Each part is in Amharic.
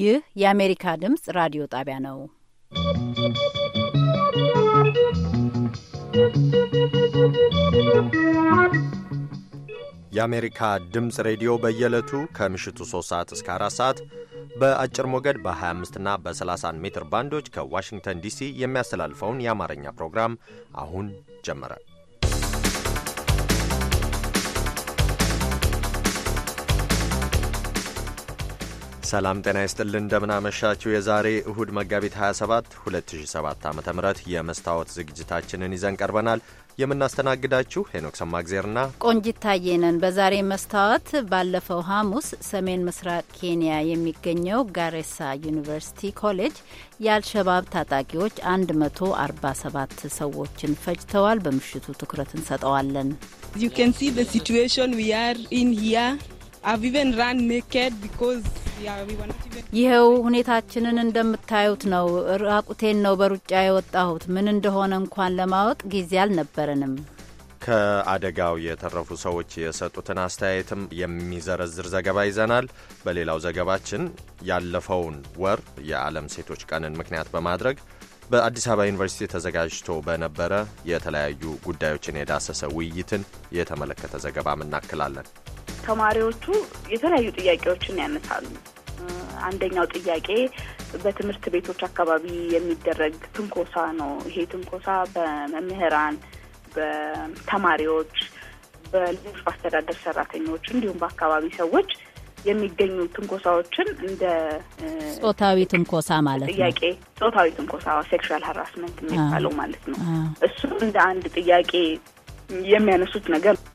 ይህ የአሜሪካ ድምፅ ራዲዮ ጣቢያ ነው። የአሜሪካ ድምፅ ሬዲዮ በየዕለቱ ከምሽቱ 3 ሰዓት እስከ 4 ሰዓት በአጭር ሞገድ በ25 እና በ 30 ሜትር ባንዶች ከዋሽንግተን ዲሲ የሚያስተላልፈውን የአማርኛ ፕሮግራም አሁን ጀመረ። ሰላም ጤና ይስጥልን እንደምናመሻችው የዛሬ እሁድ መጋቢት 27 2007 ዓ ም የመስታወት ዝግጅታችንን ይዘን ቀርበናል። የምናስተናግዳችሁ ሄኖክ ሰማግዜርና ቆንጂት ታዬ ነን። በዛሬ መስታወት ባለፈው ሐሙስ ሰሜን ምስራቅ ኬንያ የሚገኘው ጋሬሳ ዩኒቨርሲቲ ኮሌጅ የአልሸባብ ታጣቂዎች 147 ሰዎችን ፈጅተዋል። በምሽቱ ትኩረት እንሰጠዋለን። ዩ ካን ሲ ዘ ሲቹዌሽን ዊ አር ኢን ይኸው ሁኔታችንን እንደምታዩት ነው። ራቁቴን ነው በሩጫ የወጣሁት። ምን እንደሆነ እንኳን ለማወቅ ጊዜ አልነበረንም። ከአደጋው የተረፉ ሰዎች የሰጡትን አስተያየትም የሚዘረዝር ዘገባ ይዘናል። በሌላው ዘገባችን ያለፈውን ወር የዓለም ሴቶች ቀንን ምክንያት በማድረግ በአዲስ አበባ ዩኒቨርሲቲ ተዘጋጅቶ በነበረ የተለያዩ ጉዳዮችን የዳሰሰ ውይይትን የተመለከተ ዘገባም እናክላለን። ተማሪዎቹ የተለያዩ ጥያቄዎችን ያነሳሉ። አንደኛው ጥያቄ በትምህርት ቤቶች አካባቢ የሚደረግ ትንኮሳ ነው። ይሄ ትንኮሳ በመምህራን፣ በተማሪዎች፣ በልጆች በአስተዳደር ሰራተኞች እንዲሁም በአካባቢ ሰዎች የሚገኙ ትንኮሳዎችን እንደ ጾታዊ ትንኮሳ ማለት ጥያቄ ጾታዊ ትንኮሳ ሴክሹዋል ሀራስመንት የሚባለው ማለት ነው። እሱ እንደ አንድ ጥያቄ የሚያነሱት ነገር ነው።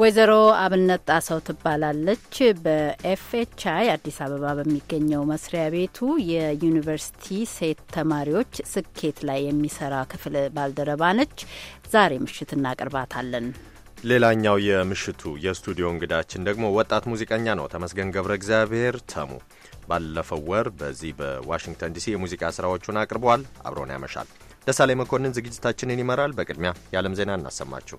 ወይዘሮ አብነት ጣሰው ትባላለች። በኤፍኤችአይ አዲስ አበባ በሚገኘው መስሪያ ቤቱ የዩኒቨርሲቲ ሴት ተማሪዎች ስኬት ላይ የሚሰራ ክፍል ባልደረባ ነች። ዛሬ ምሽት እናቀርባታለን። ሌላኛው የምሽቱ የስቱዲዮ እንግዳችን ደግሞ ወጣት ሙዚቀኛ ነው። ተመስገን ገብረ እግዚአብሔር ተሙ ባለፈው ወር በዚህ በዋሽንግተን ዲሲ የሙዚቃ ስራዎቹን አቅርበዋል። አብሮን ያመሻል። ደሳላይ መኮንን ዝግጅታችንን ይመራል። በቅድሚያ የዓለም ዜና እናሰማችሁ።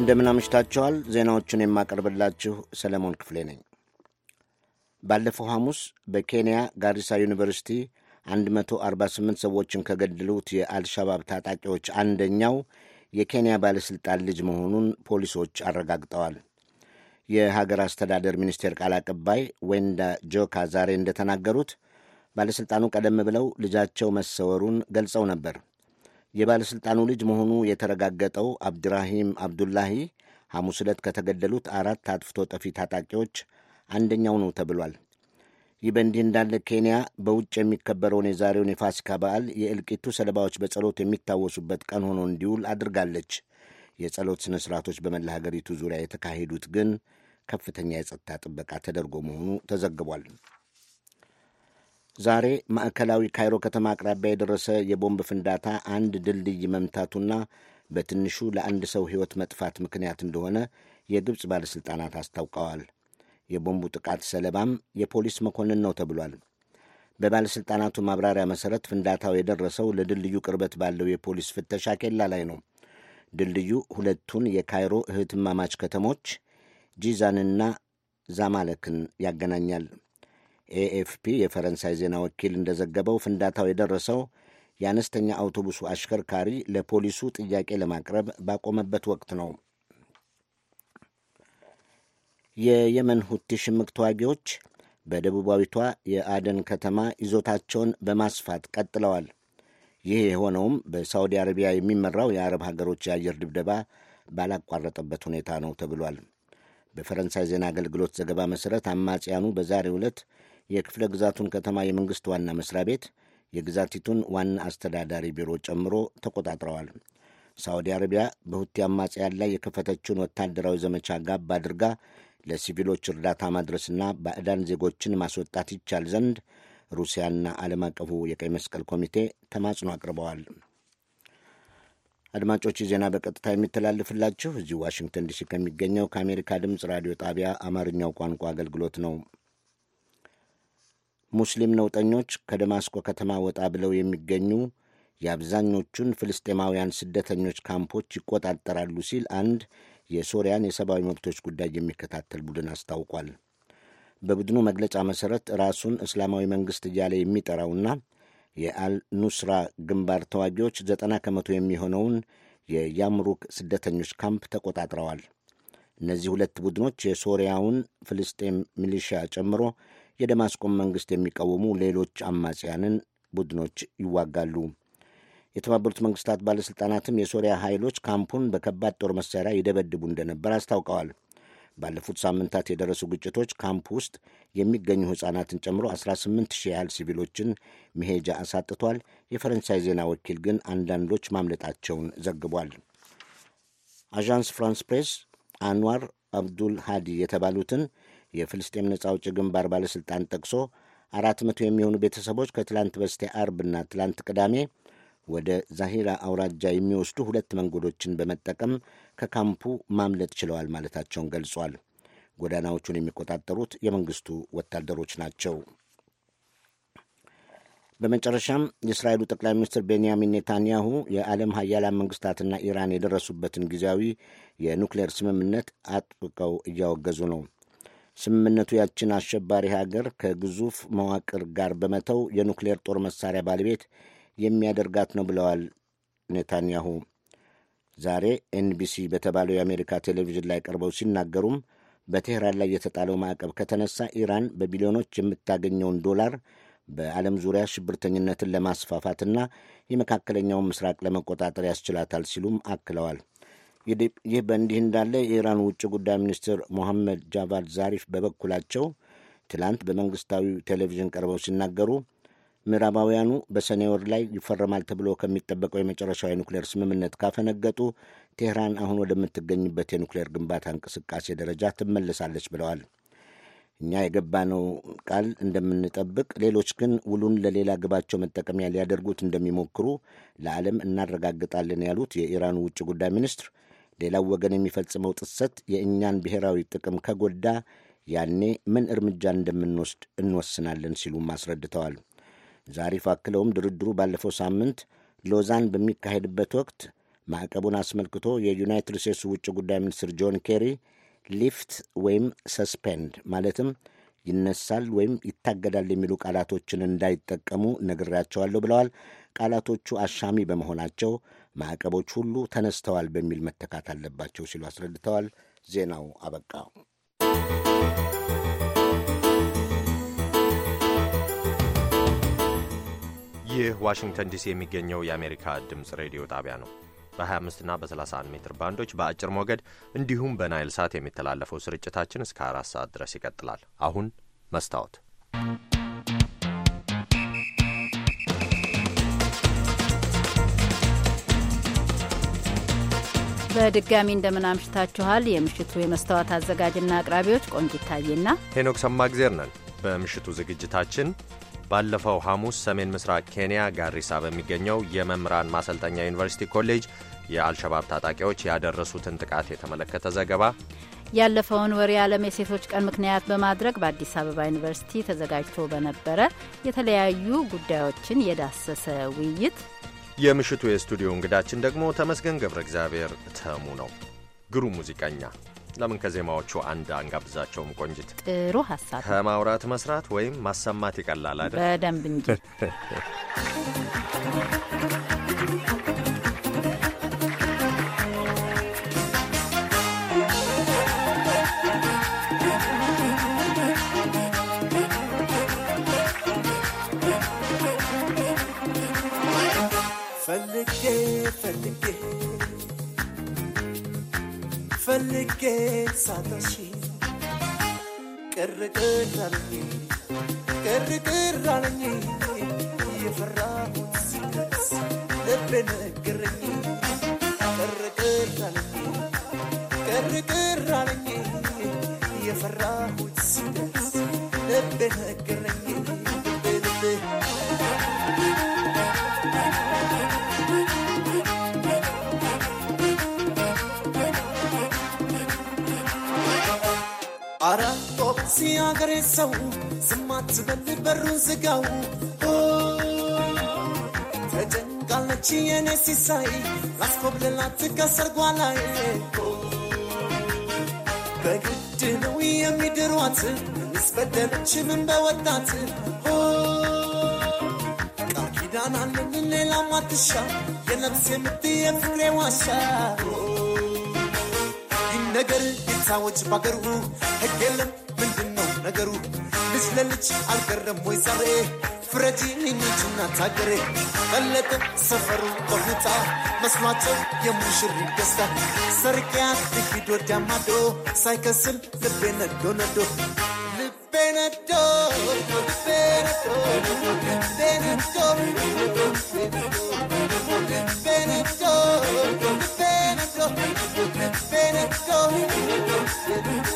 እንደምን አምሽታችኋል። ዜናዎቹን የማቀርብላችሁ ሰለሞን ክፍሌ ነኝ። ባለፈው ሐሙስ በኬንያ ጋሪሳ ዩኒቨርሲቲ 148 ሰዎችን ከገደሉት የአልሻባብ ታጣቂዎች አንደኛው የኬንያ ባለሥልጣን ልጅ መሆኑን ፖሊሶች አረጋግጠዋል። የሀገር አስተዳደር ሚኒስቴር ቃል አቀባይ ዌንዳ ጆካ ዛሬ እንደተናገሩት ባለሥልጣኑ ቀደም ብለው ልጃቸው መሰወሩን ገልጸው ነበር። የባለሥልጣኑ ልጅ መሆኑ የተረጋገጠው አብድራሂም አብዱላሂ ሐሙስ ዕለት ከተገደሉት አራት አጥፍቶ ጠፊ ታጣቂዎች አንደኛው ነው ተብሏል። ይህ በእንዲህ እንዳለ ኬንያ በውጭ የሚከበረውን የዛሬውን የፋሲካ በዓል የእልቂቱ ሰለባዎች በጸሎት የሚታወሱበት ቀን ሆኖ እንዲውል አድርጋለች። የጸሎት ሥነ ሥርዓቶች በመላ ሀገሪቱ ዙሪያ የተካሄዱት ግን ከፍተኛ የጸጥታ ጥበቃ ተደርጎ መሆኑ ተዘግቧል። ዛሬ ማዕከላዊ ካይሮ ከተማ አቅራቢያ የደረሰ የቦምብ ፍንዳታ አንድ ድልድይ መምታቱና በትንሹ ለአንድ ሰው ሕይወት መጥፋት ምክንያት እንደሆነ የግብፅ ባለሥልጣናት አስታውቀዋል። የቦምቡ ጥቃት ሰለባም የፖሊስ መኮንን ነው ተብሏል። በባለሥልጣናቱ ማብራሪያ መሠረት ፍንዳታው የደረሰው ለድልድዩ ቅርበት ባለው የፖሊስ ፍተሻ ኬላ ላይ ነው። ድልድዩ ሁለቱን የካይሮ እህትማማች ከተሞች ጂዛንና ዛማለክን ያገናኛል። ኤኤፍፒ የፈረንሳይ ዜና ወኪል እንደዘገበው ፍንዳታው የደረሰው የአነስተኛ አውቶቡሱ አሽከርካሪ ለፖሊሱ ጥያቄ ለማቅረብ ባቆመበት ወቅት ነው። የየመን ሁቲ ሽምቅ ተዋጊዎች በደቡባዊቷ የአደን ከተማ ይዞታቸውን በማስፋት ቀጥለዋል። ይህ የሆነውም በሳዑዲ አረቢያ የሚመራው የአረብ ሀገሮች የአየር ድብደባ ባላቋረጠበት ሁኔታ ነው ተብሏል። በፈረንሳይ ዜና አገልግሎት ዘገባ መሠረት አማጽያኑ በዛሬ ዕለት የክፍለ ግዛቱን ከተማ የመንግሥት ዋና መስሪያ ቤት የግዛቲቱን ዋና አስተዳዳሪ ቢሮ ጨምሮ ተቆጣጥረዋል። ሳዑዲ አረቢያ በሁቲ አማጽያን ላይ የከፈተችውን ወታደራዊ ዘመቻ ጋብ አድርጋ ለሲቪሎች እርዳታ ማድረስና ባዕዳን ዜጎችን ማስወጣት ይቻል ዘንድ ሩሲያና ዓለም አቀፉ የቀይ መስቀል ኮሚቴ ተማጽኖ አቅርበዋል። አድማጮች ዜና በቀጥታ የሚተላለፍላችሁ እዚህ ዋሽንግተን ዲሲ ከሚገኘው ከአሜሪካ ድምፅ ራዲዮ ጣቢያ አማርኛው ቋንቋ አገልግሎት ነው። ሙስሊም ነውጠኞች ከደማስቆ ከተማ ወጣ ብለው የሚገኙ የአብዛኞቹን ፍልስጤማውያን ስደተኞች ካምፖች ይቆጣጠራሉ ሲል አንድ የሶሪያን የሰብአዊ መብቶች ጉዳይ የሚከታተል ቡድን አስታውቋል። በቡድኑ መግለጫ መሠረት ራሱን እስላማዊ መንግሥት እያለ የሚጠራውና የአልኑስራ ግንባር ተዋጊዎች ዘጠና ከመቶ የሚሆነውን የያምሩክ ስደተኞች ካምፕ ተቆጣጥረዋል። እነዚህ ሁለት ቡድኖች የሶሪያውን ፍልስጤም ሚሊሺያ ጨምሮ የደማስቆን መንግሥት የሚቃወሙ ሌሎች አማጽያንን ቡድኖች ይዋጋሉ። የተባበሩት መንግስታት ባለሥልጣናትም የሶሪያ ኃይሎች ካምፑን በከባድ ጦር መሣሪያ ይደበድቡ እንደነበር አስታውቀዋል። ባለፉት ሳምንታት የደረሱ ግጭቶች ካምፕ ውስጥ የሚገኙ ሕፃናትን ጨምሮ 18 ሺህ ያህል ሲቪሎችን መሄጃ አሳጥቷል። የፈረንሳይ ዜና ወኪል ግን አንዳንዶች ማምለጣቸውን ዘግቧል። አዣንስ ፍራንስ ፕሬስ አንዋር አብዱል ሃዲ የተባሉትን የፍልስጤም ነጻ አውጪ ግንባር ባለሥልጣን ጠቅሶ አራት መቶ የሚሆኑ ቤተሰቦች ከትላንት በስቲያ አርብና ትላንት ቅዳሜ ወደ ዛሂራ አውራጃ የሚወስዱ ሁለት መንገዶችን በመጠቀም ከካምፑ ማምለጥ ችለዋል ማለታቸውን ገልጿል። ጎዳናዎቹን የሚቆጣጠሩት የመንግስቱ ወታደሮች ናቸው። በመጨረሻም የእስራኤሉ ጠቅላይ ሚኒስትር ቤንያሚን ኔታንያሁ የዓለም ሀያላን መንግስታትና ኢራን የደረሱበትን ጊዜያዊ የኑክሌር ስምምነት አጥብቀው እያወገዙ ነው። ስምምነቱ ያችን አሸባሪ ሀገር ከግዙፍ መዋቅር ጋር በመተው የኑክሌር ጦር መሳሪያ ባለቤት የሚያደርጋት ነው ብለዋል ኔታንያሁ። ዛሬ ኤንቢሲ በተባለው የአሜሪካ ቴሌቪዥን ላይ ቀርበው ሲናገሩም በቴህራን ላይ የተጣለው ማዕቀብ ከተነሳ ኢራን በቢሊዮኖች የምታገኘውን ዶላር በዓለም ዙሪያ ሽብርተኝነትን ለማስፋፋትና የመካከለኛውን ምስራቅ ለመቆጣጠር ያስችላታል ሲሉም አክለዋል። ይህ በእንዲህ እንዳለ የኢራን ውጭ ጉዳይ ሚኒስትር ሞሐመድ ጃቫድ ዛሪፍ በበኩላቸው ትላንት በመንግስታዊ ቴሌቪዥን ቀርበው ሲናገሩ ምዕራባውያኑ በሰኔ ወር ላይ ይፈረማል ተብሎ ከሚጠበቀው የመጨረሻው የኑክሌር ስምምነት ካፈነገጡ ቴህራን አሁን ወደምትገኝበት የኑክሌር ግንባታ እንቅስቃሴ ደረጃ ትመለሳለች ብለዋል። እኛ የገባነው ቃል እንደምንጠብቅ፣ ሌሎች ግን ውሉን ለሌላ ግባቸው መጠቀሚያ ሊያደርጉት እንደሚሞክሩ ለዓለም እናረጋግጣለን ያሉት የኢራኑ ውጭ ጉዳይ ሚኒስትር ሌላው ወገን የሚፈጽመው ጥሰት የእኛን ብሔራዊ ጥቅም ከጎዳ ያኔ ምን እርምጃ እንደምንወስድ እንወስናለን ሲሉም አስረድተዋል። ዛሪፍ አክለውም ድርድሩ ባለፈው ሳምንት ሎዛን በሚካሄድበት ወቅት ማዕቀቡን አስመልክቶ የዩናይትድ ስቴትስ ውጭ ጉዳይ ሚኒስትር ጆን ኬሪ ሊፍት ወይም ሰስፔንድ ማለትም ይነሳል ወይም ይታገዳል የሚሉ ቃላቶችን እንዳይጠቀሙ ነግሬያቸዋለሁ ብለዋል። ቃላቶቹ አሻሚ በመሆናቸው ማዕቀቦች ሁሉ ተነስተዋል በሚል መተካት አለባቸው ሲሉ አስረድተዋል። ዜናው አበቃ። ይህ ዋሽንግተን ዲሲ የሚገኘው የአሜሪካ ድምፅ ሬዲዮ ጣቢያ ነው። በ25 እና በ31 ሜትር ባንዶች በአጭር ሞገድ እንዲሁም በናይል ሳት የሚተላለፈው ስርጭታችን እስከ አራት ሰዓት ድረስ ይቀጥላል። አሁን መስታወት በድጋሚ እንደምናምሽታችኋል። የምሽቱ የመስታወት አዘጋጅና አቅራቢዎች ቆንጅ ይታየና ሄኖክ ሰማግዜር ነን። በምሽቱ ዝግጅታችን ባለፈው ሐሙስ ሰሜን ምስራቅ ኬንያ ጋሪሳ በሚገኘው የመምህራን ማሰልጠኛ ዩኒቨርሲቲ ኮሌጅ የአልሸባብ ታጣቂዎች ያደረሱትን ጥቃት የተመለከተ ዘገባ፣ ያለፈውን ወር የዓለም የሴቶች ቀን ምክንያት በማድረግ በአዲስ አበባ ዩኒቨርሲቲ ተዘጋጅቶ በነበረ የተለያዩ ጉዳዮችን የዳሰሰ ውይይት የምሽቱ የስቱዲዮ እንግዳችን ደግሞ ተመስገን ገብረ እግዚአብሔር ተሙ ነው። ግሩም ሙዚቀኛ። ለምን ከዜማዎቹ አንድ አንጋብዛቸውም? ቆንጅት፣ ጥሩ ሀሳብ። ከማውራት መስራት ወይም ማሰማት ይቀላል አይደል? በደንብ እንጂ ፈልጌ ፈልጌ ሳታሽ ቅርቅር አለኝ ቅርቅር አለኝ የፈራሁት ሲደርስ ልቤ ነግረኝ ቅርቅር አለኝ ቅርቅር አለኝ የፈራሁት ሲደርስ ልቤ ነግረኝ ራሴ አገሬ ሰው ዝም አትበል በሩን ዝጋው ተጨንቃለች የኔ ሲሳይ ላስኮብልላት ከሰርጓ ላይ በግድ ነው የሚድሯት ምንስ በደለች ምን በወዳት ቃል ኪዳን አለን ሌላ ማትሻ የነፍስ የምትይ የፍቅሬ ዋሻ ይነገር ይታወጅ ባገሩ ህግ የለም ነገሩ ልጅ ለልጅ አልቀረም ወይ ዛሬ ፍረጂ የሚችና ታገሬ በለጠ ሰፈሩ በሁታ መስማቸው የሙሽር ደስታ ሰርቅያ ልሂድ ዳማዶ ማዶ ሳይከስል ልቤ ነዶ ነዶ ልቤ ነዶ ልቤ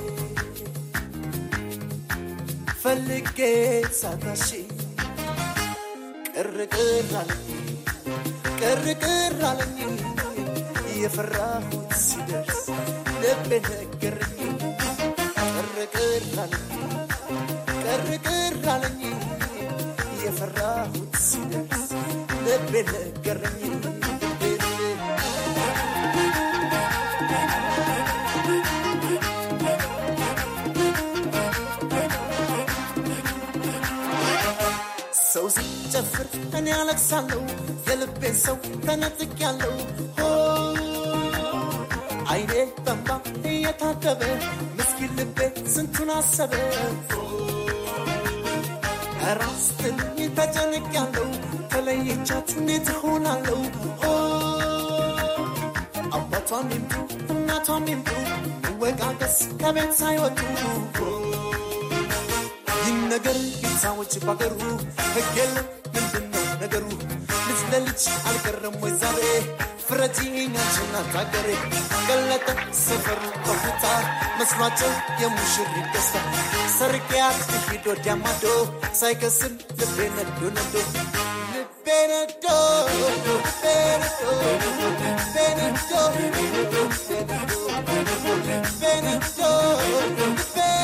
ወድቄ ሳታሽ ቅርቅር አለኝ ቅርቅር ሲደርስ ልቤ ነገረኝ ቅርቅር አለኝ ቅርቅር ሲደርስ ልቤ ነገረኝ አለቅሳለሁ የልቤን ሰው ተነጥቅ ያለው አይኔ በንባ እየታደበ ምስኪን ልቤ ስንቱን አሰበ ራስትን ተጨንቅ ያለው ተለየቻት እንዴት ሆናለው አባቷም ይምጡ እናቷም ይምጡ መወቃቀስ ከቤት ሳይወጡ ይህን ነገር ይሳዎች ባገሩ ህግ የለም وليت عالكرم وزابي فراتينا جنا تاكري قلت سفر القفطة مصنعته يا مشري قصة سرك يا في دور جامدو سايكسن لبين الدوندو لبين الدو لبين الدو لبين الدو لبين الدو لبين الدو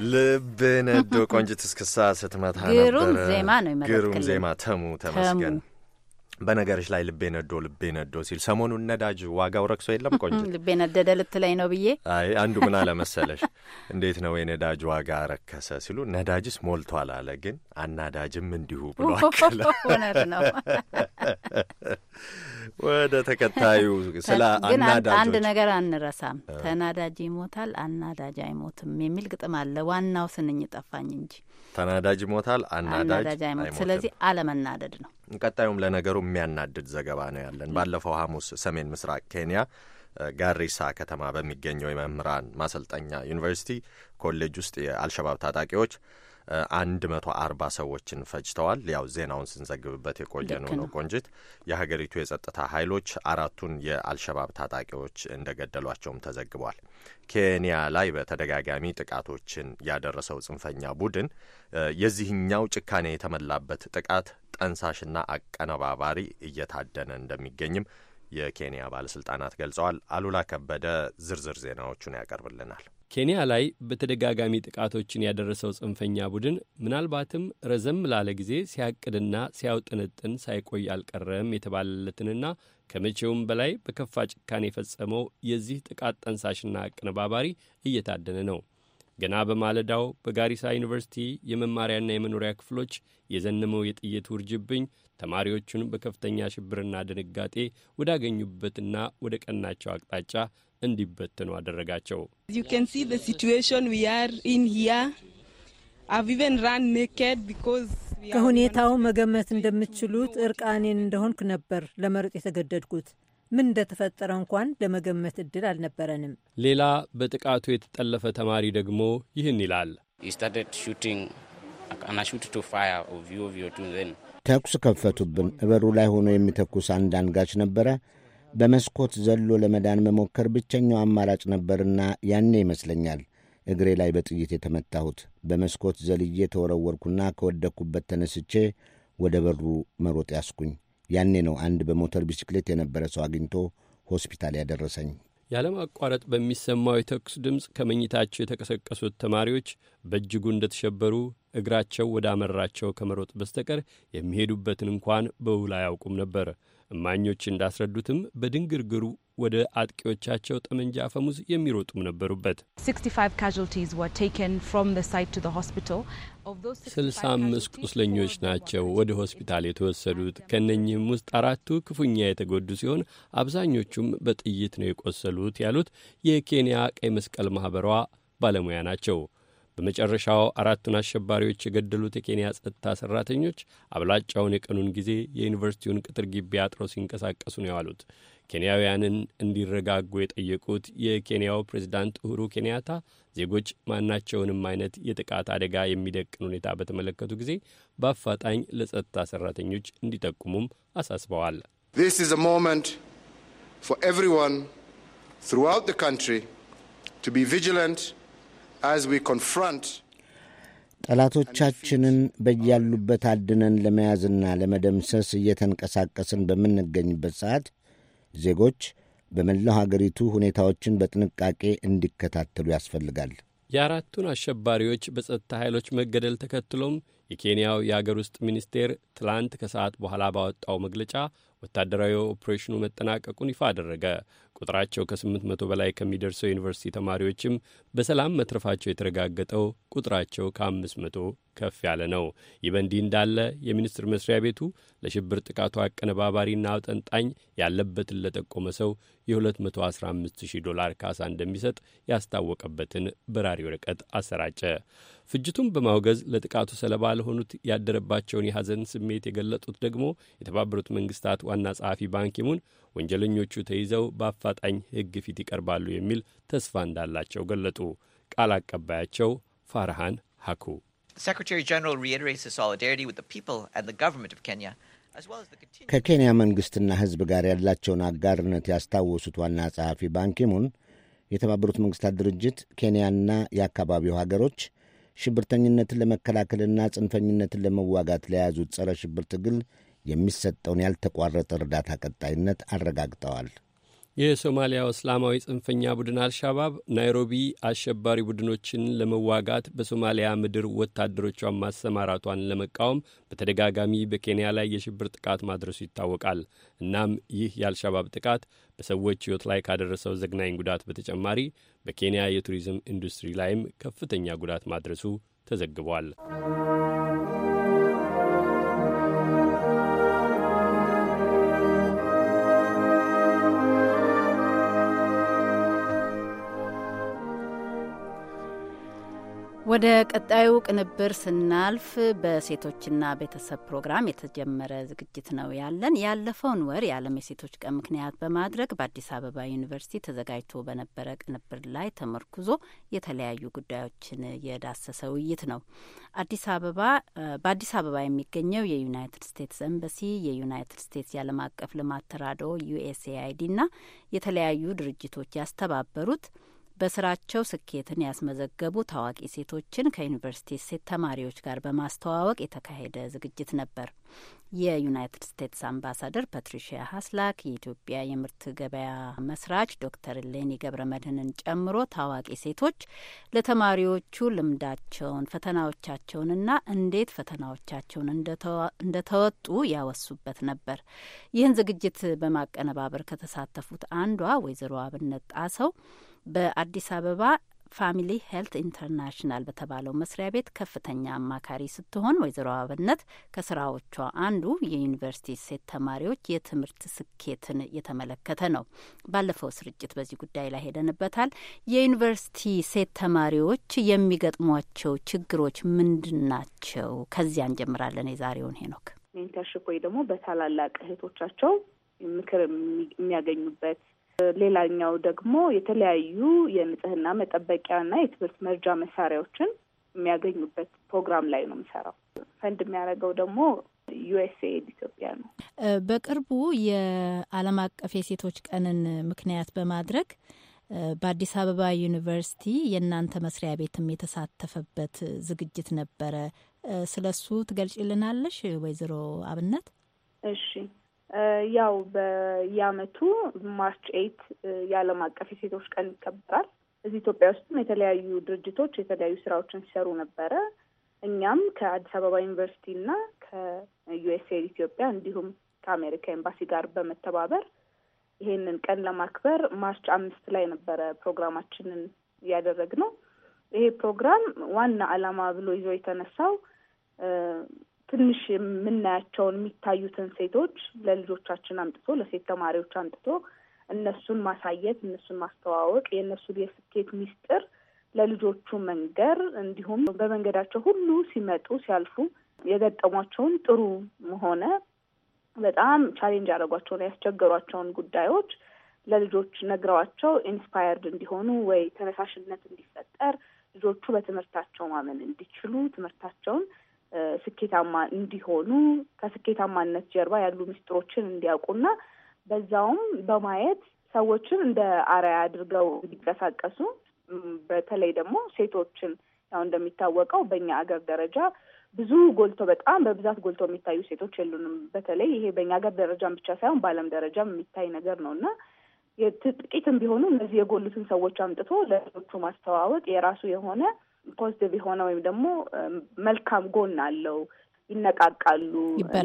ልብ ነዶ ቆንጅት እስክሳ ስትመታ ግሩም ዜማ ነው። ግሩም ዜማ ተሙ ተመስገን በነገሮች ላይ ልቤ ነዶ ልቤ ነዶ ሲል ሰሞኑን ነዳጅ ዋጋው ረክሶ የለም ቆንጆ ልቤ ነደደ ልትለኝ ነው ብዬ። አይ አንዱ ምን አለመሰለሽ እንዴት ነው የነዳጅ ዋጋ ረከሰ ሲሉ ነዳጅስ ሞልቷል አለ፣ ግን አናዳጅም እንዲሁ ብሎ አከለ። ነው። ወደ ተከታዩ ስለ አናዳጅ አንድ ነገር አንረሳም። ተናዳጅ ይሞታል አናዳጅ አይሞትም የሚል ግጥም አለ። ዋናው ስንኝ ጠፋኝ እንጂ ተናዳጅ ይሞታል፣ አናዳጅ አይሞት። ስለዚህ አለመናደድ ነው። ቀጣዩም ለነገሩ የሚያናድድ ዘገባ ነው ያለን። ባለፈው ሐሙስ ሰሜን ምስራቅ ኬንያ ጋሪሳ ከተማ በሚገኘው የመምህራን ማሰልጠኛ ዩኒቨርሲቲ ኮሌጅ ውስጥ የአልሸባብ ታጣቂዎች አንድ መቶ አርባ ሰዎችን ፈጅተዋል። ያው ዜናውን ስንዘግብበት የቆየ ነው ነው ቆንጅት። የሀገሪቱ የጸጥታ ኃይሎች አራቱን የአልሸባብ ታጣቂዎች እንደገደሏቸውም ተዘግቧል። ኬንያ ላይ በተደጋጋሚ ጥቃቶችን ያደረሰው ጽንፈኛ ቡድን የዚህኛው ጭካኔ የተመላበት ጥቃት ጠንሳሽና አቀነባባሪ እየታደነ እንደሚገኝም የኬንያ ባለስልጣናት ገልጸዋል። አሉላ ከበደ ዝርዝር ዜናዎቹን ያቀርብልናል። ኬንያ ላይ በተደጋጋሚ ጥቃቶችን ያደረሰው ጽንፈኛ ቡድን ምናልባትም ረዘም ላለ ጊዜ ሲያቅድና ሲያውጥንጥን ሳይቆይ አልቀረም የተባለለትንና ከመቼውም በላይ በከፋ ጭካኔ የፈጸመው የዚህ ጥቃት ጠንሳሽና አቀነባባሪ እየታደነ ነው። ገና በማለዳው በጋሪሳ ዩኒቨርሲቲ የመማሪያና የመኖሪያ ክፍሎች የዘነመው የጥይት ውርጅብኝ ተማሪዎቹን በከፍተኛ ሽብርና ድንጋጤ ወዳገኙበትና ወደ ቀናቸው አቅጣጫ እንዲበትኑ አደረጋቸው። ከሁኔታው መገመት እንደምትችሉት እርቃኔን እንደሆንኩ ነበር ለመሮጥ የተገደድኩት። ምን እንደተፈጠረ እንኳን ለመገመት እድል አልነበረንም። ሌላ በጥቃቱ የተጠለፈ ተማሪ ደግሞ ይህን ይላል። ተኩስ ከፈቱብን። እበሩ ላይ ሆኖ የሚተኩስ አንድ አንጋች ነበረ። በመስኮት ዘሎ ለመዳን መሞከር ብቸኛው አማራጭ ነበርና ያኔ ይመስለኛል እግሬ ላይ በጥይት የተመታሁት። በመስኮት ዘልዬ ተወረወርኩና ከወደግኩበት ተነስቼ ወደ በሩ መሮጥ ያስኩኝ። ያኔ ነው አንድ በሞተር ቢስክሌት የነበረ ሰው አግኝቶ ሆስፒታል ያደረሰኝ። ያለማቋረጥ በሚሰማው የተኩስ ድምፅ ከመኝታቸው የተቀሰቀሱት ተማሪዎች በእጅጉ እንደተሸበሩ እግራቸው ወደ አመራቸው ከመሮጥ በስተቀር የሚሄዱበትን እንኳን በውል አያውቁም ነበር። እማኞች እንዳስረዱትም በድንግርግሩ ወደ አጥቂዎቻቸው ጠመንጃ አፈሙዝ የሚሮጡም ነበሩበት። ስልሳ አምስት ቁስለኞች ናቸው ወደ ሆስፒታል የተወሰዱት። ከነኚህም ውስጥ አራቱ ክፉኛ የተጎዱ ሲሆን አብዛኞቹም በጥይት ነው የቆሰሉት ያሉት የኬንያ ቀይ መስቀል ማኅበሯ ባለሙያ ናቸው። በመጨረሻው አራቱን አሸባሪዎች የገደሉት የኬንያ ጸጥታ ሠራተኞች አብላጫውን የቀኑን ጊዜ የዩኒቨርሲቲውን ቅጥር ግቢ አጥረው ሲንቀሳቀሱ ነው ያሉት። ኬንያውያንን እንዲረጋጉ የጠየቁት የኬንያው ፕሬዚዳንት ኡሁሩ ኬንያታ ዜጎች ማናቸውንም አይነት የጥቃት አደጋ የሚደቅን ሁኔታ በተመለከቱ ጊዜ በአፋጣኝ ለጸጥታ ሠራተኞች እንዲጠቁሙም አሳስበዋል። This is a moment for everyone throughout the country to be vigilant ጠላቶቻችንን በያሉበት አድነን ለመያዝና ለመደምሰስ እየተንቀሳቀስን በምንገኝበት ሰዓት ዜጎች በመላው አገሪቱ ሁኔታዎችን በጥንቃቄ እንዲከታተሉ ያስፈልጋል። የአራቱን አሸባሪዎች በጸጥታ ኃይሎች መገደል ተከትሎም የኬንያው የአገር ውስጥ ሚኒስቴር ትላንት ከሰዓት በኋላ ባወጣው መግለጫ ወታደራዊ ኦፕሬሽኑ መጠናቀቁን ይፋ አደረገ። ቁጥራቸው ከ800 በላይ ከሚደርሰው ዩኒቨርሲቲ ተማሪዎችም በሰላም መትረፋቸው የተረጋገጠው ቁጥራቸው ከ500 ከፍ ያለ ነው። ይህ በእንዲህ እንዳለ የሚኒስቴር መስሪያ ቤቱ ለሽብር ጥቃቱ አቀነባባሪና አውጠንጣኝ ያለበትን ለጠቆመ ሰው የ 215000 ዶላር ካሳ እንደሚሰጥ ያስታወቀበትን በራሪ ወረቀት አሰራጨ። ፍጅቱን በማውገዝ ለጥቃቱ ሰለባ ለሆኑት ያደረባቸውን የሐዘን ስሜት የገለጡት ደግሞ የተባበሩት መንግስታት ዋና ጸሐፊ ባንኪሙን ወንጀለኞቹ ተይዘው በአፋጣኝ ሕግ ፊት ይቀርባሉ የሚል ተስፋ እንዳላቸው ገለጡ። ቃል አቀባያቸው ፋርሃን ሀኩ ከኬንያ መንግሥትና ሕዝብ ጋር ያላቸውን አጋርነት ያስታወሱት ዋና ጸሐፊ ባንኪሙን የተባበሩት መንግሥታት ድርጅት ኬንያና የአካባቢው ሀገሮች ሽብርተኝነትን ለመከላከልና ጽንፈኝነትን ለመዋጋት ለያዙት ጸረ ሽብር ትግል የሚሰጠውን ያልተቋረጠ እርዳታ ቀጣይነት አረጋግጠዋል። የሶማሊያው እስላማዊ ጽንፈኛ ቡድን አልሻባብ ናይሮቢ አሸባሪ ቡድኖችን ለመዋጋት በሶማሊያ ምድር ወታደሮቿን ማሰማራቷን ለመቃወም በተደጋጋሚ በኬንያ ላይ የሽብር ጥቃት ማድረሱ ይታወቃል። እናም ይህ የአልሻባብ ጥቃት በሰዎች ሕይወት ላይ ካደረሰው ዘግናኝ ጉዳት በተጨማሪ በኬንያ የቱሪዝም ኢንዱስትሪ ላይም ከፍተኛ ጉዳት ማድረሱ ተዘግቧል። ወደ ቀጣዩ ቅንብር ስናልፍ በሴቶችና ቤተሰብ ፕሮግራም የተጀመረ ዝግጅት ነው ያለን። ያለፈውን ወር የዓለም የሴቶች ቀን ምክንያት በማድረግ በአዲስ አበባ ዩኒቨርሲቲ ተዘጋጅቶ በነበረ ቅንብር ላይ ተመርኩዞ የተለያዩ ጉዳዮችን የዳሰሰ ውይይት ነው። አዲስ አበባ በአዲስ አበባ የሚገኘው የዩናይትድ ስቴትስ ኤምበሲ፣ የዩናይትድ ስቴትስ የዓለም አቀፍ ልማት ተራድኦ ዩኤስኤአይዲ እና የተለያዩ ድርጅቶች ያስተባበሩት በስራቸው ስኬትን ያስመዘገቡ ታዋቂ ሴቶችን ከዩኒቨርሲቲ ሴት ተማሪዎች ጋር በማስተዋወቅ የተካሄደ ዝግጅት ነበር። የዩናይትድ ስቴትስ አምባሳደር ፓትሪሺያ ሀስላክ፣ የኢትዮጵያ የምርት ገበያ መስራች ዶክተር ሌኒ ገብረ መድህንን ጨምሮ ታዋቂ ሴቶች ለተማሪዎቹ ልምዳቸውን፣ ፈተናዎቻቸውንና እንዴት ፈተናዎቻቸውን እንደተወጡ ያወሱበት ነበር። ይህን ዝግጅት በማቀነባበር ከተሳተፉት አንዷ ወይዘሮ አብነት ጣሰው በአዲስ አበባ ፋሚሊ ሄልት ኢንተርናሽናል በተባለው መስሪያ ቤት ከፍተኛ አማካሪ ስትሆን ወይዘሮ አብነት ከስራዎቿ አንዱ የዩኒቨርሲቲ ሴት ተማሪዎች የትምህርት ስኬትን የተመለከተ ነው። ባለፈው ስርጭት በዚህ ጉዳይ ላይ ሄደንበታል። የዩኒቨርሲቲ ሴት ተማሪዎች የሚገጥሟቸው ችግሮች ምንድን ናቸው? ከዚያ እንጀምራለን። የዛሬውን ሄኖክ ሜንተርሽፕ ወይ ደግሞ በታላላቅ እህቶቻቸው ምክር የሚያገኙበት ሌላኛው ደግሞ የተለያዩ የንጽህና መጠበቂያና የትምህርት መርጃ መሳሪያዎችን የሚያገኙበት ፕሮግራም ላይ ነው የምሰራው። ፈንድ የሚያደርገው ደግሞ ዩኤስኤድ ኢትዮጵያ ነው። በቅርቡ የዓለም አቀፍ የሴቶች ቀንን ምክንያት በማድረግ በአዲስ አበባ ዩኒቨርሲቲ የእናንተ መስሪያ ቤትም የተሳተፈበት ዝግጅት ነበረ። ስለ እሱ ትገልጭልናለሽ ወይዘሮ አብነት? እሺ ያው በየአመቱ ማርች ኤይት የዓለም አቀፍ የሴቶች ቀን ይከበራል። እዚህ ኢትዮጵያ ውስጥም የተለያዩ ድርጅቶች የተለያዩ ስራዎችን ሲሰሩ ነበረ። እኛም ከአዲስ አበባ ዩኒቨርሲቲ እና ከዩኤስኤድ ኢትዮጵያ እንዲሁም ከአሜሪካ ኤምባሲ ጋር በመተባበር ይሄንን ቀን ለማክበር ማርች አምስት ላይ ነበረ ፕሮግራማችንን እያደረግ ነው። ይሄ ፕሮግራም ዋና አላማ ብሎ ይዞ የተነሳው ትንሽ የምናያቸውን የሚታዩትን ሴቶች ለልጆቻችን አምጥቶ ለሴት ተማሪዎች አምጥቶ እነሱን ማሳየት፣ እነሱን ማስተዋወቅ፣ የእነሱን የስኬት ሚስጥር ለልጆቹ መንገር እንዲሁም በመንገዳቸው ሁሉ ሲመጡ ሲያልፉ የገጠሟቸውን ጥሩ መሆነ በጣም ቻሌንጅ ያደረጓቸውን ያስቸገሯቸውን ጉዳዮች ለልጆች ነግረዋቸው ኢንስፓየርድ እንዲሆኑ ወይ ተነሳሽነት እንዲፈጠር ልጆቹ በትምህርታቸው ማመን እንዲችሉ ትምህርታቸውን ስኬታማ እንዲሆኑ ከስኬታማነት ጀርባ ያሉ ምስጢሮችን እንዲያውቁና በዛውም በማየት ሰዎችን እንደ አርአያ አድርገው እንዲንቀሳቀሱ በተለይ ደግሞ ሴቶችን ያው እንደሚታወቀው በእኛ ሀገር ደረጃ ብዙ ጎልቶ በጣም በብዛት ጎልቶ የሚታዩ ሴቶች የሉንም። በተለይ ይሄ በእኛ ሀገር ደረጃም ብቻ ሳይሆን በዓለም ደረጃም የሚታይ ነገር ነው እና ጥቂትም ቢሆኑ እነዚህ የጎሉትን ሰዎች አምጥቶ ለሌሎቹ ማስተዋወቅ የራሱ የሆነ ፖዚቲቭ የሆነ ወይም ደግሞ መልካም ጎን አለው። ይነቃቃሉ።